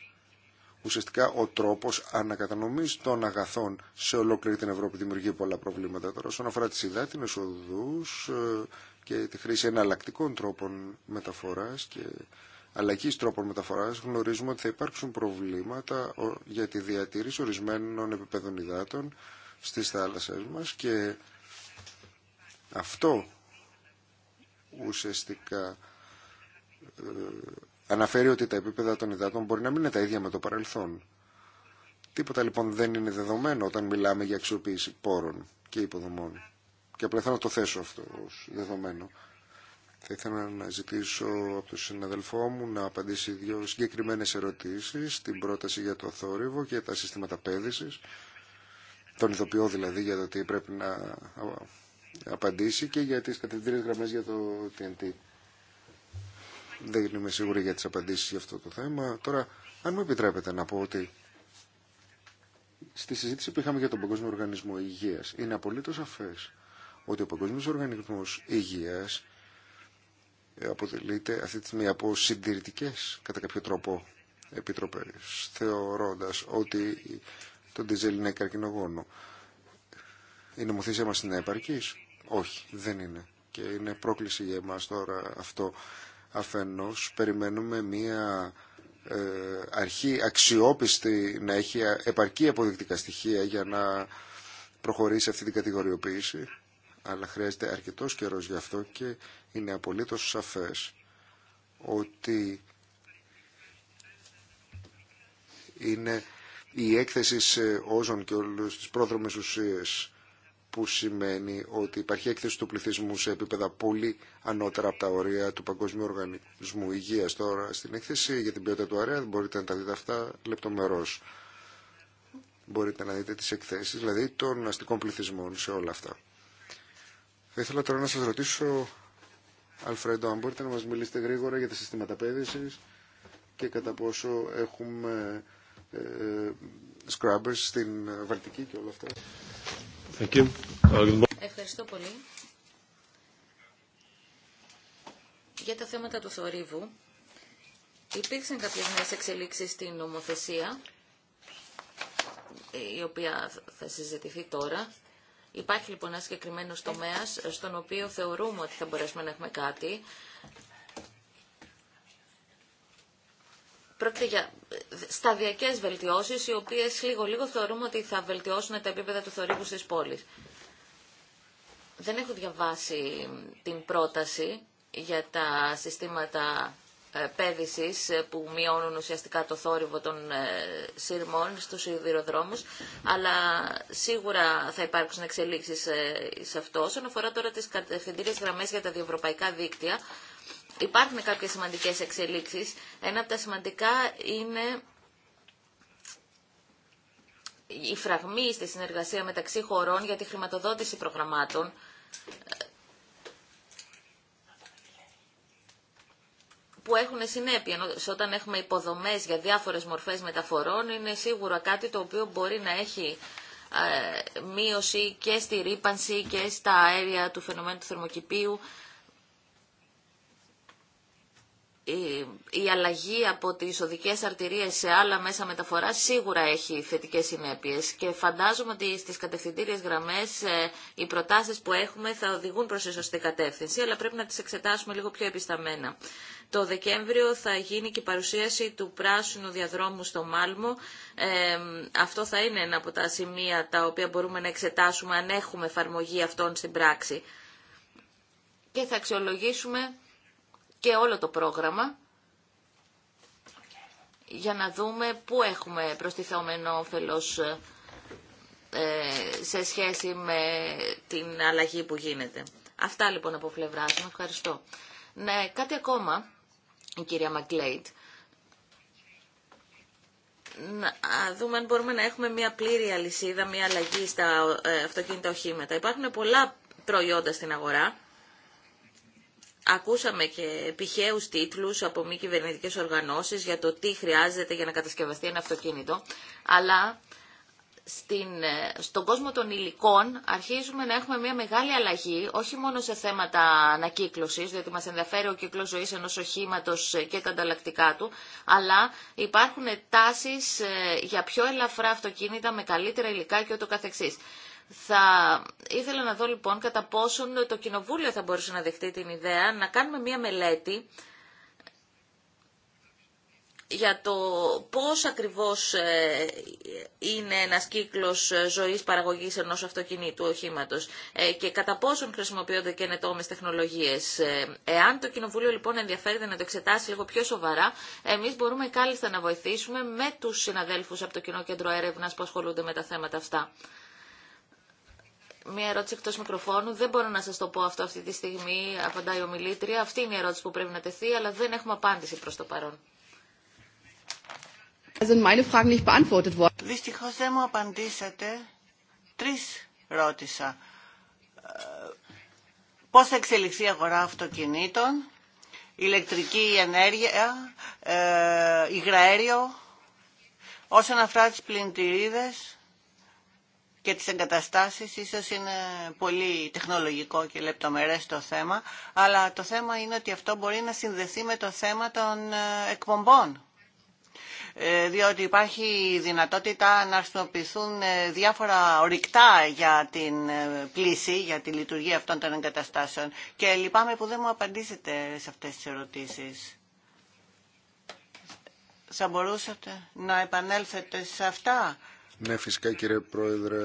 ουσιαστικά ο τρόπος ανακατανομής των αγαθών σε ολόκληρη την Ευρώπη δημιουργεί πολλά προβλήματα. Τώρα, όσον αφορά τις υδάτινες οδούς ε, και τη χρήση εναλλακτικών τρόπων μεταφοράς και αλλαγής τρόπων μεταφοράς, γνωρίζουμε ότι θα υπάρξουν προβλήματα για τη διατήρηση ορισμένων επιπέδων υδάτων στις θάλασσες μας και αυτό ουσιαστικά ε, αναφέρει ότι τα επίπεδα των υδάτων μπορεί να μην είναι τα ίδια με το παρελθόν. Τίποτα λοιπόν δεν είναι δεδομένο όταν μιλάμε για αξιοποίηση πόρων και υποδομών. Και απλά θέλω να το θέσω αυτό ως δεδομένο. Θα ήθελα να ζητήσω από τον συναδελφό μου να απαντήσει δύο συγκεκριμένες ερωτήσεις. Την πρόταση για το θόρυβο και τα συστήματα πέδησης. Τον ειδοποιώ δηλαδή για το τι πρέπει να απαντήσει και για τις γραμμές για το TNT. Δεν είμαι σίγουρη για τις απαντήσεις για αυτό το θέμα. Τώρα, αν μου επιτρέπετε να πω ότι στη συζήτηση που είχαμε για τον Παγκόσμιο Οργανισμό Υγείας είναι απολύτως σαφές ότι ο Παγκόσμιος Οργανισμός Υγείας αποτελείται αυτή τη στιγμή από συντηρητικές κατά κάποιο τρόπο επιτροπές θεωρώντας ότι το ντιζέλ είναι καρκινογόνο. Η νομοθεσία μας είναι επαρκής. Όχι, δεν είναι. Και είναι πρόκληση για εμάς τώρα αυτό Αφενός περιμένουμε μία ε, αρχή αξιόπιστη να έχει επαρκή αποδεικτικά στοιχεία για να προχωρήσει αυτή την κατηγοριοποίηση αλλά χρειάζεται αρκετός καιρός γι' αυτό και είναι απολύτως σαφές ότι είναι η έκθεση σε όζων και όλους τις πρόδρομες ουσίες που σημαίνει ότι υπάρχει έκθεση του πληθυσμού σε επίπεδα πολύ ανώτερα από τα ωραία του Παγκόσμιου Οργανισμού Υγεία. Τώρα στην έκθεση για την ποιότητα του αέρα μπορείτε να τα δείτε αυτά λεπτομερώ. Μπορείτε να δείτε τι εκθέσει δηλαδή των αστικών πληθυσμών σε όλα αυτά. Θα ήθελα τώρα να σα ρωτήσω, Αλφρέντο, αν μπορείτε να μα μιλήσετε γρήγορα για τα συστήματα πέδηση και κατά πόσο έχουμε ε, ε, scrubbers στην Βαλτική και όλα αυτά. Ευχαριστώ πολύ. Για τα θέματα του θορύβου, υπήρξαν κάποιες νέες εξελίξεις στην νομοθεσία, η οποία θα συζητηθεί τώρα. Υπάρχει λοιπόν ένα συγκεκριμένο τομέα στον οποίο θεωρούμε ότι θα μπορέσουμε να έχουμε κάτι. Πρόκειται για ε, σταδιακές βελτιώσεις, οι οποίες λίγο-λίγο θεωρούμε ότι θα βελτιώσουν τα επίπεδα του θορύβου στις πόλεις. Δεν έχω διαβάσει την πρόταση για τα συστήματα ε, πέδησης ε, που μειώνουν ουσιαστικά το θόρυβο των σύρμων στους σιδηροδρόμους, αλλά σίγουρα θα υπάρξουν εξελίξεις σε αυτό. Όσον αφορά τώρα τις κατευθυντήριες γραμμές για τα διευρωπαϊκά δίκτυα, Υπάρχουν κάποιες σημαντικές εξελίξεις. Ένα από τα σημαντικά είναι η φραγμή στη συνεργασία μεταξύ χωρών για τη χρηματοδότηση προγραμμάτων. που έχουν συνέπεια. Όταν έχουμε υποδομές για διάφορες μορφές μεταφορών, είναι σίγουρα κάτι το οποίο μπορεί να έχει ε, μείωση και στη ρήπανση και στα αέρια του φαινομένου του θερμοκηπίου η αλλαγή από τις οδικές αρτηρίες σε άλλα μέσα μεταφοράς σίγουρα έχει θετικές συνέπειες και φαντάζομαι ότι στις κατευθυντήριες γραμμές ε, οι προτάσεις που έχουμε θα οδηγούν προς τη σωστή κατεύθυνση, αλλά πρέπει να τις εξετάσουμε λίγο πιο επισταμένα. Το Δεκέμβριο θα γίνει και η παρουσίαση του πράσινου διαδρόμου στο Μάλμο. Ε, αυτό θα είναι ένα από τα σημεία τα οποία μπορούμε να εξετάσουμε αν έχουμε εφαρμογή αυτών στην πράξη. Και θα αξιολογήσουμε και όλο το πρόγραμμα για να δούμε πού έχουμε προστιθόμενο όφελος ε, σε σχέση με την αλλαγή που γίνεται. Αυτά λοιπόν από πλευρά μου. Ευχαριστώ. Ναι, κάτι ακόμα, η κυρία Μακλέιτ. Να δούμε αν μπορούμε να έχουμε μια πλήρη αλυσίδα, μια αλλαγή στα ε, αυτοκίνητα οχήματα. Υπάρχουν πολλά προϊόντα στην αγορά Ακούσαμε και επιχαίους τίτλους από μη κυβερνητικέ οργανώσεις για το τι χρειάζεται για να κατασκευαστεί ένα αυτοκίνητο, αλλά στην, ε, στον κόσμο των υλικών αρχίζουμε να έχουμε μια μεγάλη αλλαγή, όχι μόνο σε θέματα ανακύκλωση, διότι μα ενδιαφέρει ο κύκλο ζωή ενό οχήματο ε, και τα ανταλλακτικά του, αλλά υπάρχουν τάσει ε, για πιο ελαφρά αυτοκίνητα με καλύτερα υλικά και ούτω καθεξής. Θα ήθελα να δω λοιπόν κατά πόσον το Κοινοβούλιο θα μπορούσε να δεχτεί την ιδέα να κάνουμε μία μελέτη για το πώς ακριβώς ε, είναι ένας κύκλος ζωής παραγωγής ενός αυτοκινήτου οχήματος ε, και κατά πόσον χρησιμοποιούνται και ενετόμες τεχνολογίες. Ε, εάν το Κοινοβούλιο λοιπόν ενδιαφέρεται να το εξετάσει λίγο πιο σοβαρά, εμείς μπορούμε κάλλιστα να βοηθήσουμε με τους συναδέλφους από το Κοινό Κέντρο Έρευνας που ασχολούνται με τα θέματα αυτά μια ερώτηση εκτός μικροφώνου. Δεν μπορώ να σας το πω αυτό αυτή τη στιγμή, απαντάει η ομιλήτρια. Αυτή είναι η ερώτηση που πρέπει να τεθεί, αλλά δεν έχουμε απάντηση προς το παρόν. Δυστυχώ δεν μου απαντήσατε. Τρεις ρώτησα. Ε, πώς θα εξελιχθεί η αγορά αυτοκινήτων, ηλεκτρική ενέργεια, ε, υγραέριο, όσον αφορά τι πλυντηρίδε, και τις εγκαταστάσεις ίσως είναι πολύ τεχνολογικό και λεπτομερές το θέμα, αλλά το θέμα είναι ότι αυτό μπορεί να συνδεθεί με το θέμα των ε, εκπομπών ε, διότι υπάρχει δυνατότητα να χρησιμοποιηθούν ε, διάφορα ορυκτά για την πλήση, για τη λειτουργία αυτών των εγκαταστάσεων. Και λυπάμαι που δεν μου απαντήσετε σε αυτές τις ερωτήσεις. Θα μπορούσατε να επανέλθετε σε αυτά. Ναι, φυσικά κύριε Πρόεδρε,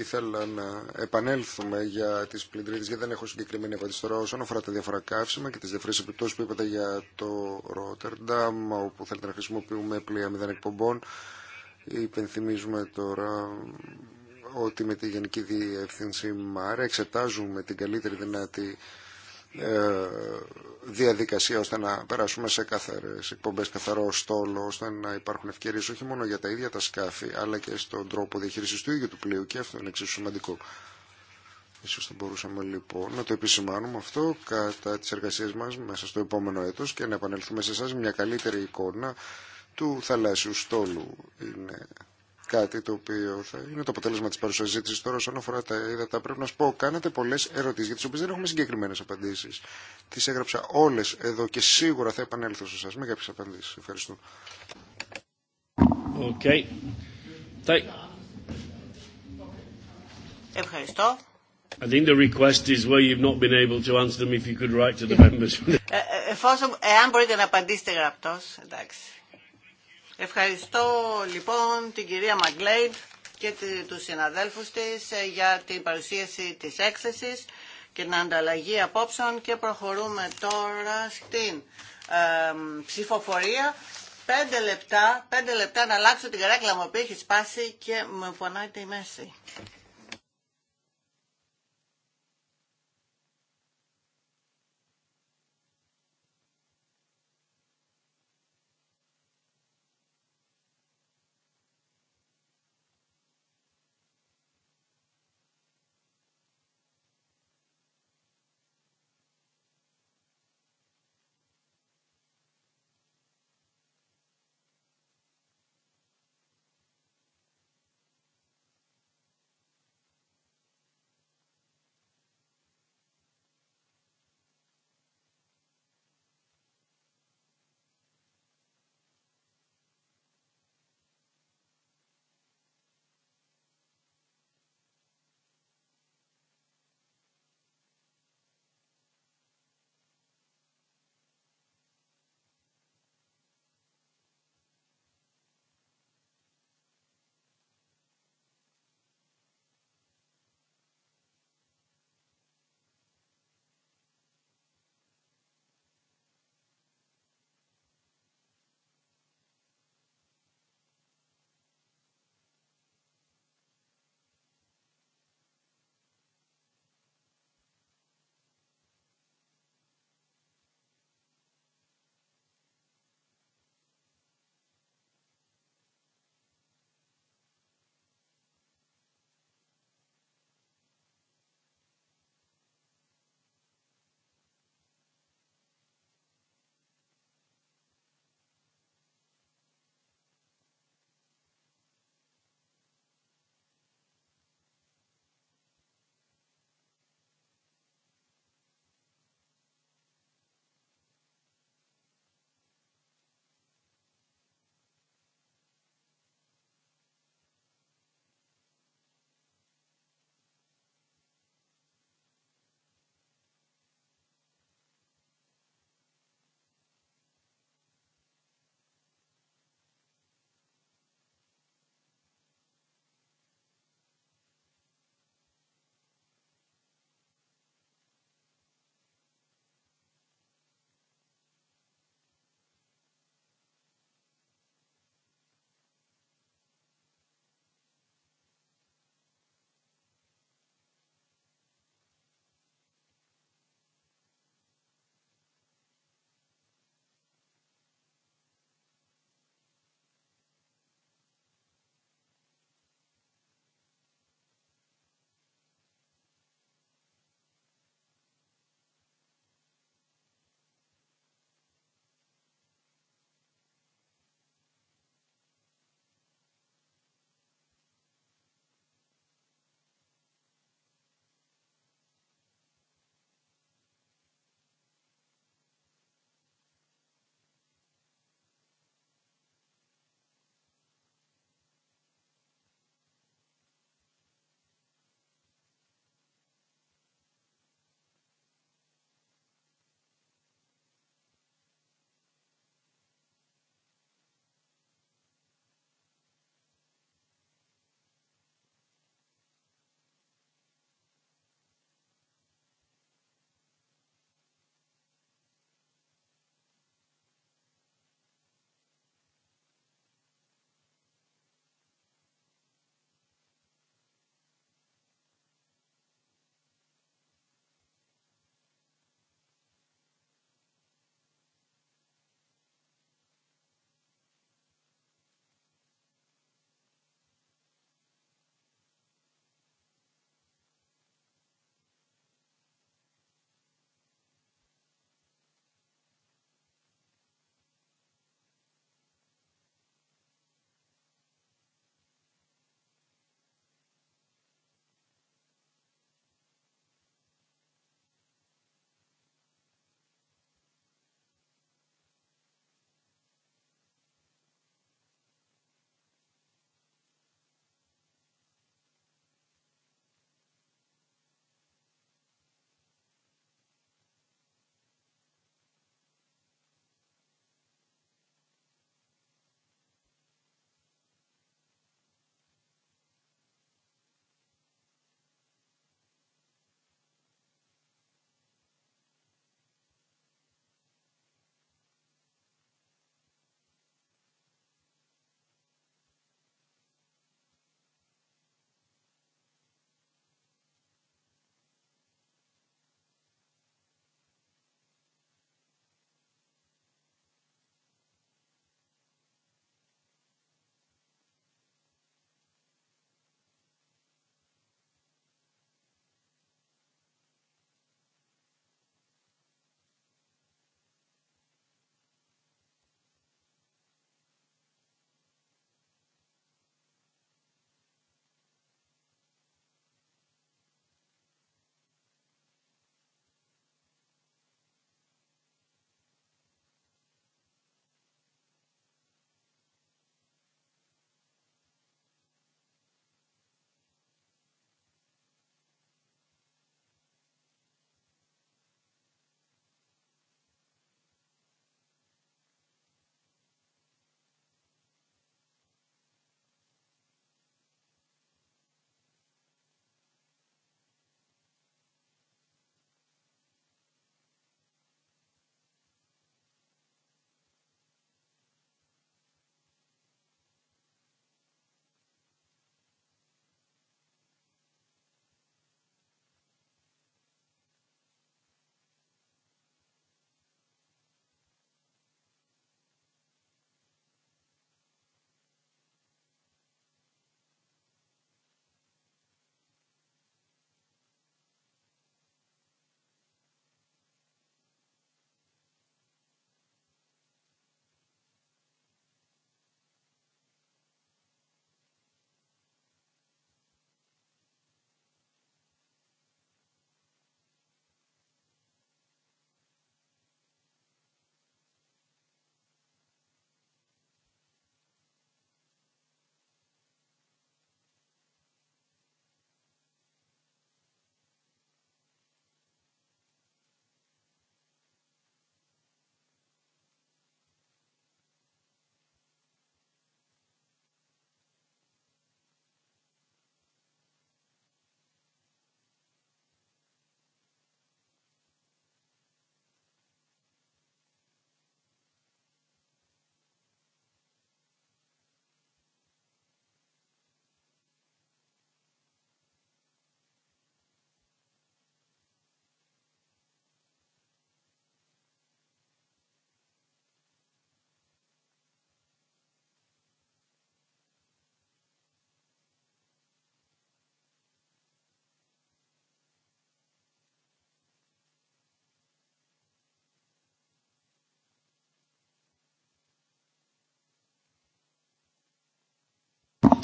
ήθελα να επανέλθουμε για τις πλυντρίδε, γιατί δεν έχω συγκεκριμένη απάντηση τώρα όσον αφορά τα διάφορα καύσιμα και τις διαφορέ επιπτώσει που είπατε για το Ρότερνταμ, όπου θέλετε να χρησιμοποιούμε πλοία μηδέν εκπομπών. Υπενθυμίζουμε τώρα ότι με τη Γενική Διευθύνση ΜΑΡΕ εξετάζουμε την καλύτερη δυνατή ε, διαδικασία ώστε να περάσουμε σε καθαρές εκπομπές, καθαρό στόλο, ώστε να υπάρχουν ευκαιρίες όχι μόνο για τα ίδια τα σκάφη, αλλά και στον τρόπο διαχείρισης του ίδιου του πλοίου και αυτό είναι εξίσου σημαντικό. Ίσως θα μπορούσαμε λοιπόν να το επισημάνουμε αυτό κατά τις εργασίες μας μέσα στο επόμενο έτος και να επανέλθουμε σε εσά μια καλύτερη εικόνα του θαλάσσιου στόλου. Είναι κάτι το οποίο θα είναι το αποτέλεσμα τη παρουσία Τώρα, όσον αφορά τα ύδατα, πρέπει να σα πω: Κάνατε πολλέ ερωτήσει, για τι οποίε δεν έχουμε συγκεκριμένε απαντήσει. Τι έγραψα όλε εδώ και σίγουρα θα επανέλθω σε εσά με κάποιε απαντήσει. Ευχαριστώ. Okay. Ευχαριστώ. Εφόσον, εάν μπορείτε να απαντήσετε γραπτός, εντάξει. Ευχαριστώ λοιπόν την κυρία Μαγκλέιντ και τους συναδέλφους της ε, για την παρουσίαση της έκθεσης και την ανταλλαγή απόψεων και προχωρούμε τώρα στην ψηφοφορία. Πέντε λεπτά, πέντε λεπτά να αλλάξω την καρέκλα μου που έχει σπάσει και με πονάει τη μέση.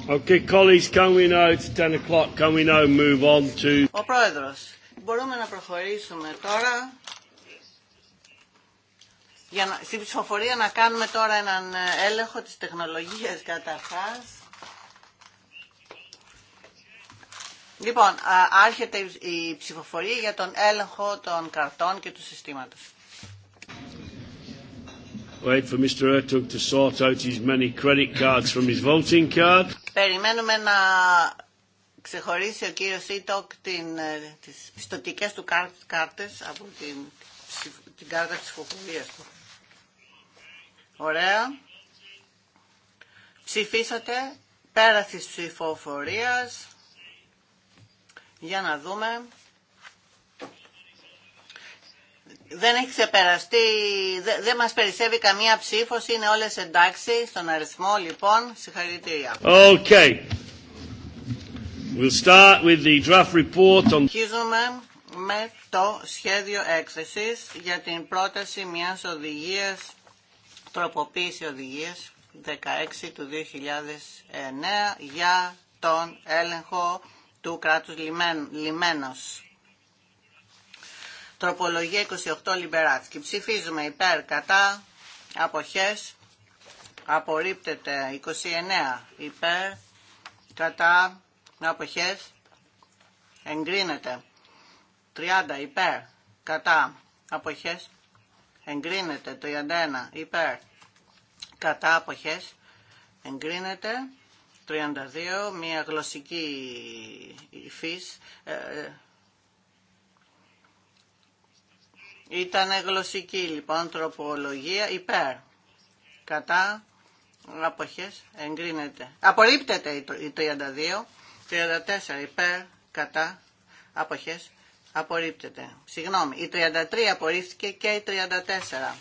Okay, colleagues, can we now, it's 10 o'clock, can we now move on to... Ο Πρόεδρος, μπορούμε να προχωρήσουμε τώρα για να, στην ψηφοφορία να κάνουμε τώρα έναν έλεγχο της τεχνολογίας καταρχάς. Λοιπόν, άρχεται η ψηφοφορία για τον έλεγχο των καρτών και του συστήματος. Wait for Mr. Ertug to sort out his many credit cards from his voting card. Περιμένουμε να ξεχωρίσει ο κύριος Σίτοκ τι ε, τις του κάρτες από την, την κάρτα ψηφοφορίας του. Ωραία. Ψηφίσατε πέρα τη ψηφοφορία Για να δούμε. δεν έχει ξεπεραστεί, δεν μας περισσεύει καμία ψήφος, είναι όλες εντάξει στον αριθμό, λοιπόν, συγχαρητήρια. Okay. We'll start with the draft report on... Αρχίζουμε με το σχέδιο έκθεσης για την πρόταση μιας οδηγίας, τροποποίηση οδηγίας 16 του 2009 για τον έλεγχο του κράτους λιμένος. Τροπολογία 28 Λιμπεράτσκι. Ψηφίζουμε υπέρ, κατά, αποχές. Απορρίπτεται 29 υπέρ, κατά, αποχές. Εγκρίνεται 30 υπέρ, κατά, αποχές. Εγκρίνεται 31 υπέρ, κατά, αποχές. Εγκρίνεται 32, μια γλωσσική υφής, ε, ε, Ήταν γλωσσική λοιπόν τροπολογία υπέρ. Κατά αποχές εγκρίνεται. Απορρίπτεται η 32. 34 υπέρ. Κατά αποχές απορρίπτεται. Συγγνώμη, η 33 απορρίφθηκε και η 34.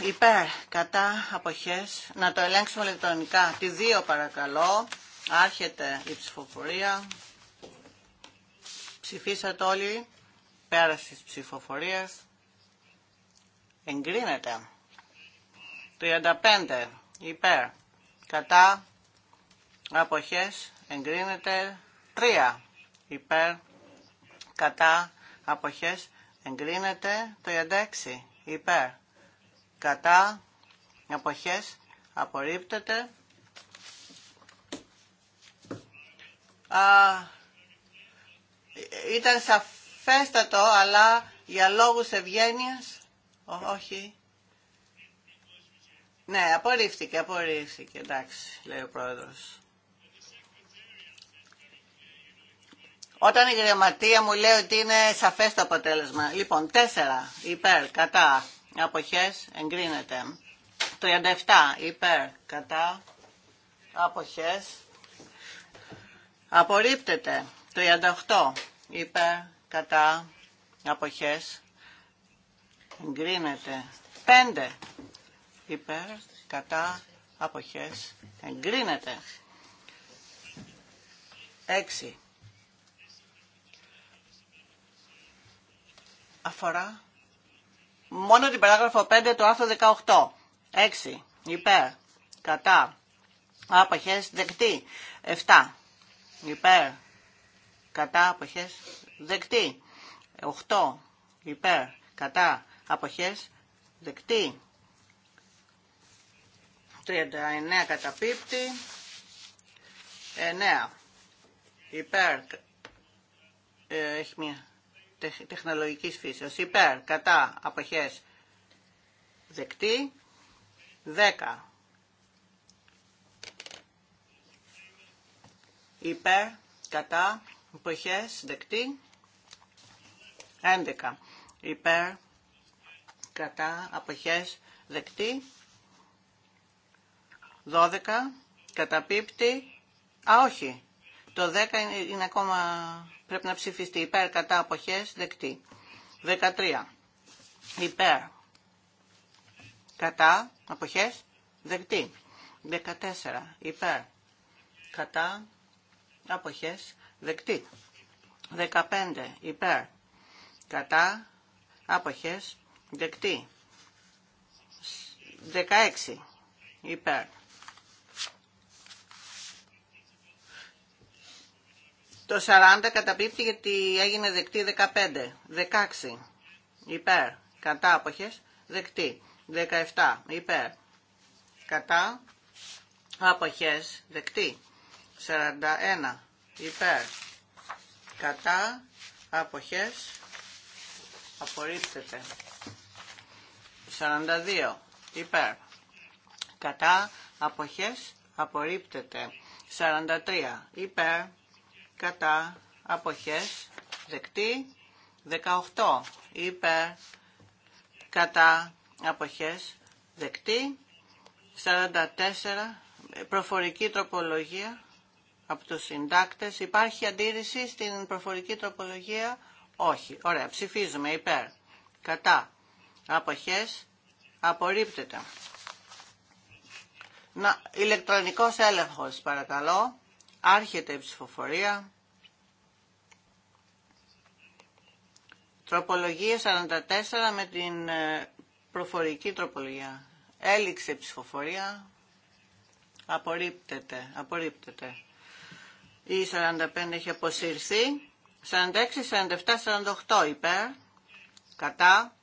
2 υπέρ κατά αποχές. Να το ελέγξουμε ηλεκτρονικά. Τη 2 παρακαλώ. Άρχεται η ψηφοφορία. Ψηφίσατε όλοι. Πέραση της ψηφοφορίας. Εγκρίνεται. 35 υπέρ. Κατά. Αποχές. Εγκρίνεται. 3 υπέρ. Κατά. Αποχές. Εγκρίνεται. 36 υπέρ. Κατά. Αποχές. Απορρίπτεται. Α, ήταν σαφή σαφέστατο, αλλά για λόγους ευγένειας, όχι. Ναι, απορρίφθηκε, απορρίφθηκε, εντάξει, λέει ο πρόεδρος. Όταν η γραμματεία μου λέει ότι είναι σαφές το αποτέλεσμα. Λοιπόν, τέσσερα υπέρ, κατά, αποχές, εγκρίνεται. 37 υπέρ, κατά, αποχές, απορρίπτεται. 38 υπέρ, κατά αποχές εγκρίνεται πέντε υπέρ κατά αποχές εγκρίνεται έξι αφορά μόνο την παράγραφο 5 του άρθρου 18 6 υπέρ κατά αποχές δεκτή 7 υπέρ κατά αποχές δεκτή. 8 υπέρ κατά αποχές δεκτή. 39 καταπίπτει. 9 υπέρ ε, έχει μια τεχνολογική φύσεως. Υπέρ κατά αποχές δεκτή. 10 υπέρ κατά αποχές δεκτή. 11 υπέρ κατά αποχές δεκτή 12 καταπίπτει α όχι το 10 είναι ακόμα πρέπει να ψηφιστεί υπέρ κατά αποχές δεκτή 13 υπέρ κατά αποχές δεκτή 14 υπέρ κατά αποχές δεκτή 15 υπέρ κατά, άποχες, δεκτή. 16 υπέρ. Το 40 καταπίπτει γιατί έγινε δεκτή 15. 16 υπέρ. Κατά άποχες. Δεκτή. 17 υπέρ. Κατά άποχες. Δεκτή. 41 υπέρ. Κατά άποχες απορρίπτεται. 42 υπέρ. Κατά αποχές απορρίπτεται. 43 υπέρ. Κατά αποχές δεκτή. 18 υπέρ. Κατά αποχές δεκτή. 44 προφορική τροπολογία από τους συντάκτες. Υπάρχει αντίρρηση στην προφορική τροπολογία όχι. Ωραία. Ψηφίζουμε υπέρ. Κατά. Αποχές. Απορρίπτεται. Να, ηλεκτρονικός έλεγχος παρακαλώ. Άρχεται η ψηφοφορία. Τροπολογία 44 με την ε, προφορική τροπολογία. Έληξε η ψηφοφορία. Απορρίπτεται. Απορρίπτεται. Η 45 έχει αποσύρθει. 46, 47, 48 υπέρ, κατά,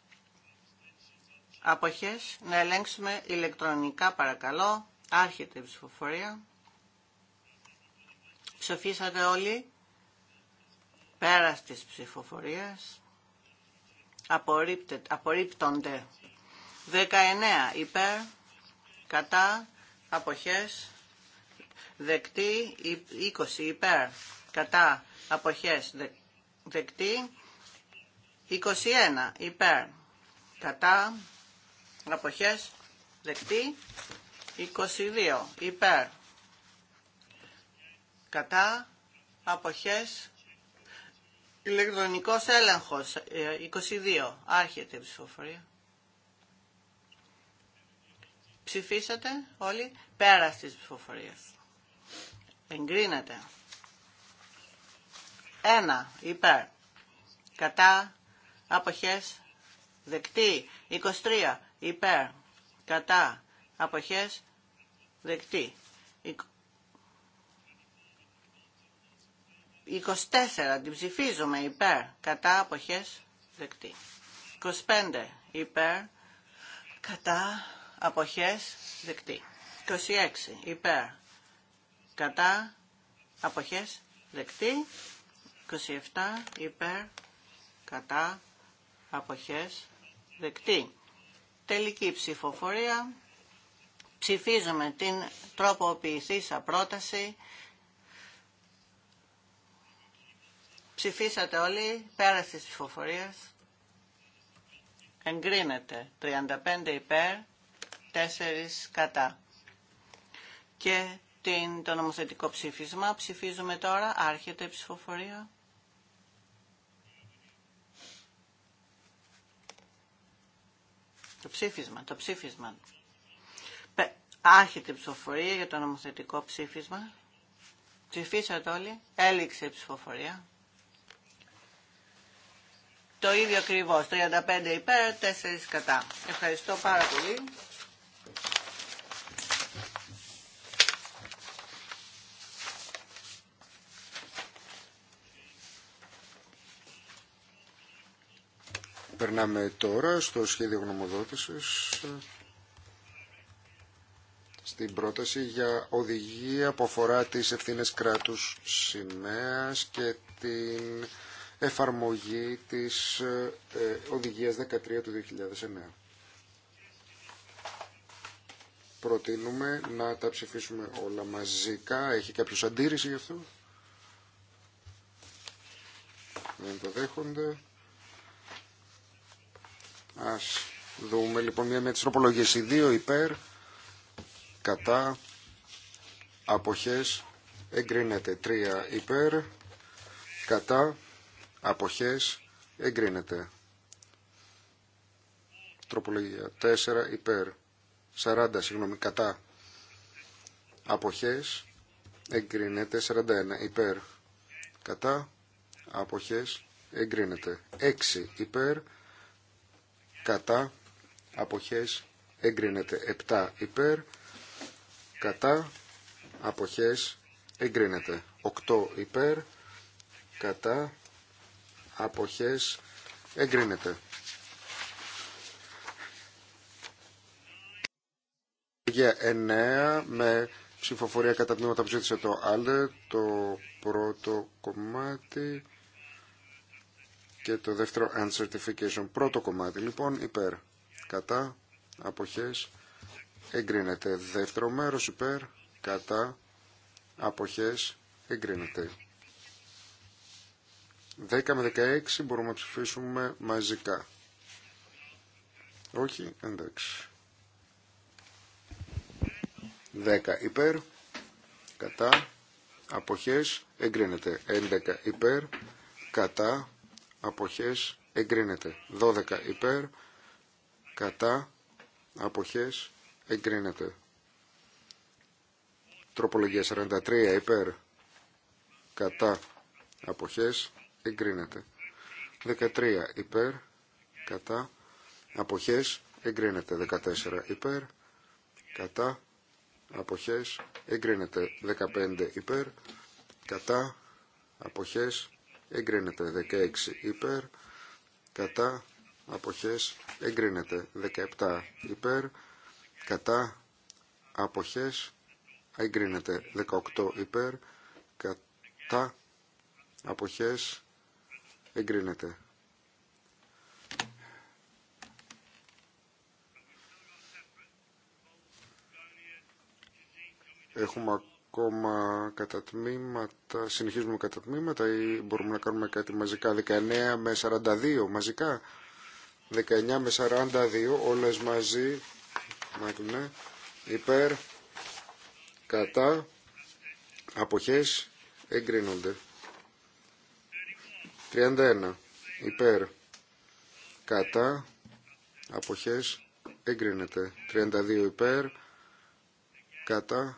αποχές, να ελέγξουμε ηλεκτρονικά παρακαλώ, άρχεται η ψηφοφορία. ψοφήσατε όλοι, πέρας της ψηφοφορίας, απορρίπτονται. 19 υπέρ, κατά, αποχές, δεκτή, 20 υπέρ, κατά αποχές δεκτή 21 υπέρ κατά αποχές δεκτή 22 υπέρ κατά αποχές ηλεκτρονικός έλεγχος 22 ε, άρχεται η ψηφοφορία ψηφίσατε όλοι πέρα της ψηφοφορίας εγκρίνεται 1 υπέρ. Κατά αποχές δεκτή. 23 υπέρ. Κατά αποχές δεκτή. 24 την ψηφίζουμε υπέρ. Κατά αποχές δεκτή. 25 υπέρ. Κατά αποχές δεκτή. 26 υπέρ. Κατά αποχές δεκτή. 27 υπέρ κατά αποχές δεκτή. Τελική ψηφοφορία. Ψηφίζουμε την τροποποιηθήσα πρόταση. Ψηφίσατε όλοι πέρα τη ψηφοφορίας. Εγκρίνεται 35 υπέρ, 4 κατά. Και την, το νομοθετικό ψήφισμα. Ψηφίζουμε τώρα. Άρχεται η ψηφοφορία. Το ψήφισμα, το ψήφισμα. Άρχεται η ψηφοφορία για το νομοθετικό ψήφισμα. Ψηφίσατε όλοι. Έληξε η ψηφοφορία. Το ίδιο ακριβώ. 35 υπέρ, 4 κατά. Ευχαριστώ πάρα πολύ. Περνάμε τώρα στο σχέδιο γνωμοδότησης ε, στην πρόταση για οδηγία που αφορά τις ευθύνες κράτους σημαίας και την εφαρμογή της ε, ε, οδηγίας 13 του 2009. Προτείνουμε να τα ψηφίσουμε όλα μαζικά. Έχει κάποιος αντίρρηση γι' αυτό. Δεν το δέχονται. Ας δούμε λοιπόν μια με τροπολογίες. Οι δύο υπέρ, κατά, αποχές, εγκρίνεται. Τρία υπέρ, κατά, αποχές, εγκρίνεται. Τροπολογία τέσσερα υπέρ, σαράντα συγγνώμη, κατά, αποχές, εγκρίνεται. σαράντα ένα υπέρ, κατά, αποχές, εγκρίνεται. έξι υπέρ, κατά αποχές εγκρίνεται 7 υπέρ κατά αποχές εγκρίνεται 8 υπέρ κατά αποχές εγκρίνεται για 9 με ψηφοφορία κατά τμήματα που ζήτησε το άλλο το πρώτο κομμάτι και το δεύτερο uncertification. Πρώτο κομμάτι λοιπόν υπέρ κατά αποχές εγκρίνεται. Δεύτερο μέρος υπέρ κατά αποχές εγκρίνεται. 10 με 16 μπορούμε να ψηφίσουμε μαζικά. Όχι, εντάξει. 10 υπέρ, κατά, αποχές, εγκρίνεται. 11 υπέρ, κατά, αποχές εγκρίνεται. 12 υπέρ κατά αποχές εγκρίνεται. Τροπολογία 43 υπέρ κατά αποχές εγκρίνεται. 13 υπέρ κατά αποχές εγκρίνεται. 14 υπέρ κατά αποχές εγκρίνεται. 15 υπέρ κατά αποχές εγκρίνεται 16 υπέρ κατά αποχές εγκρίνεται 17 υπέρ κατά αποχές εγκρίνεται 18 υπέρ κατά αποχές εγκρίνεται Έχουμε ακόμα κατά τμήματα, συνεχίζουμε κατά τμήματα ή μπορούμε να κάνουμε κάτι μαζικά 19 με 42 μαζικά 19 με 42 όλες μαζί ναι, υπέρ κατά αποχές εγκρίνονται 31 υπέρ κατά αποχές εγκρίνεται 32 υπέρ κατά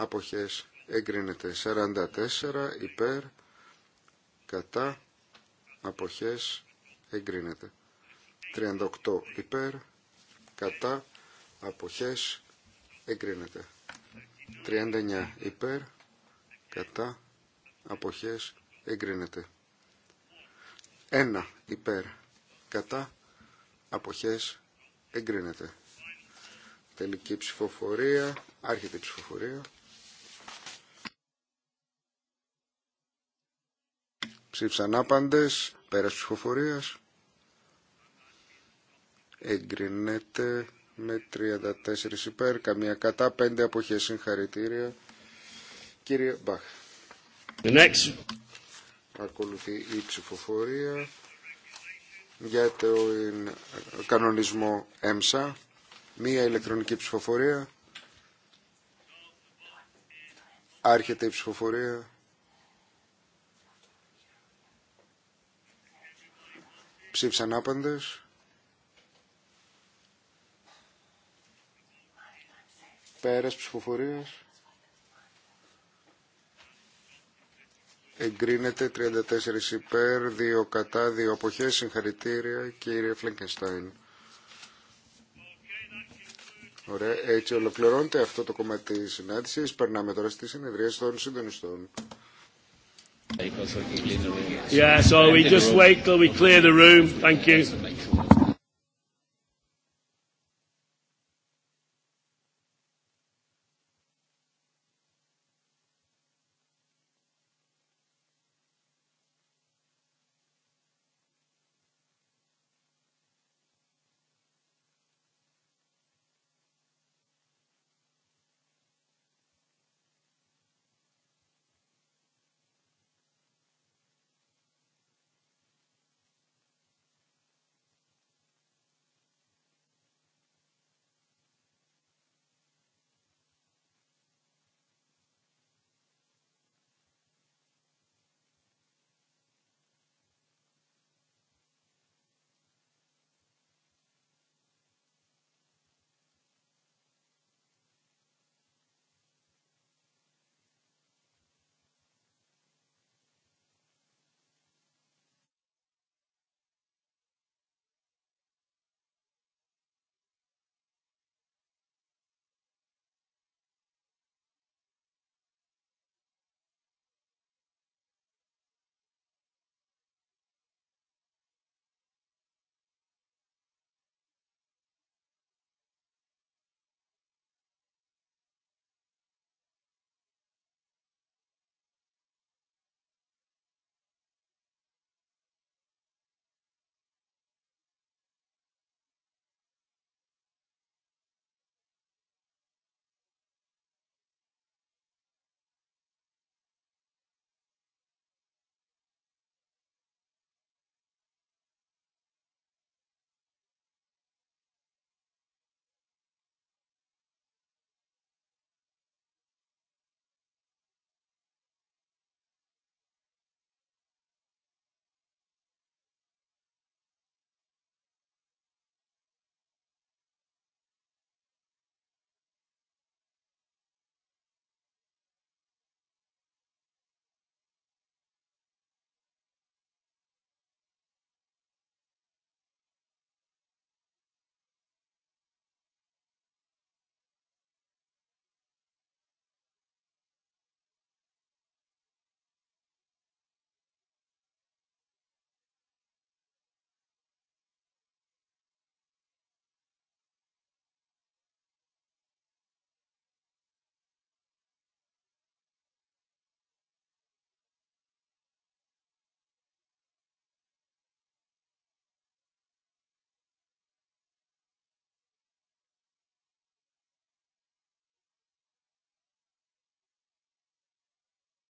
αποχές εγκρίνεται 44 υπέρ κατά αποχές εγκρίνεται 38 υπέρ κατά αποχές εγκρίνεται 39 υπέρ κατά αποχές εγκρίνεται 1 υπέρ κατά αποχές εγκρίνεται τελική ψηφοφορία άρχεται η ψηφοφορία Ψήφισαν άπαντες, πέρας ψηφοφορίας. Εγκρινέται με 34 υπέρ, καμία κατά, 5 αποχές συγχαρητήρια. Κύριε Μπαχ. next. Ακολουθεί η ψηφοφορία για το ε, κανονισμό ΕΜΣΑ, μία ηλεκτρονική ψηφοφορία. Άρχεται η ψηφοφορία. Ψήφισαν άπαντες. Πέρας ψηφοφορίας. Εγκρίνεται 34 υπέρ, 2 κατά, 2 αποχές. Συγχαρητήρια κύριε Φλέγκενστάιν. Ωραία, έτσι ολοκληρώνεται αυτό το κομμάτι της συνάντησης. Περνάμε τώρα στη συνεδρία των συντονιστών. Yeah, so we just wait till we clear the room. Thank you.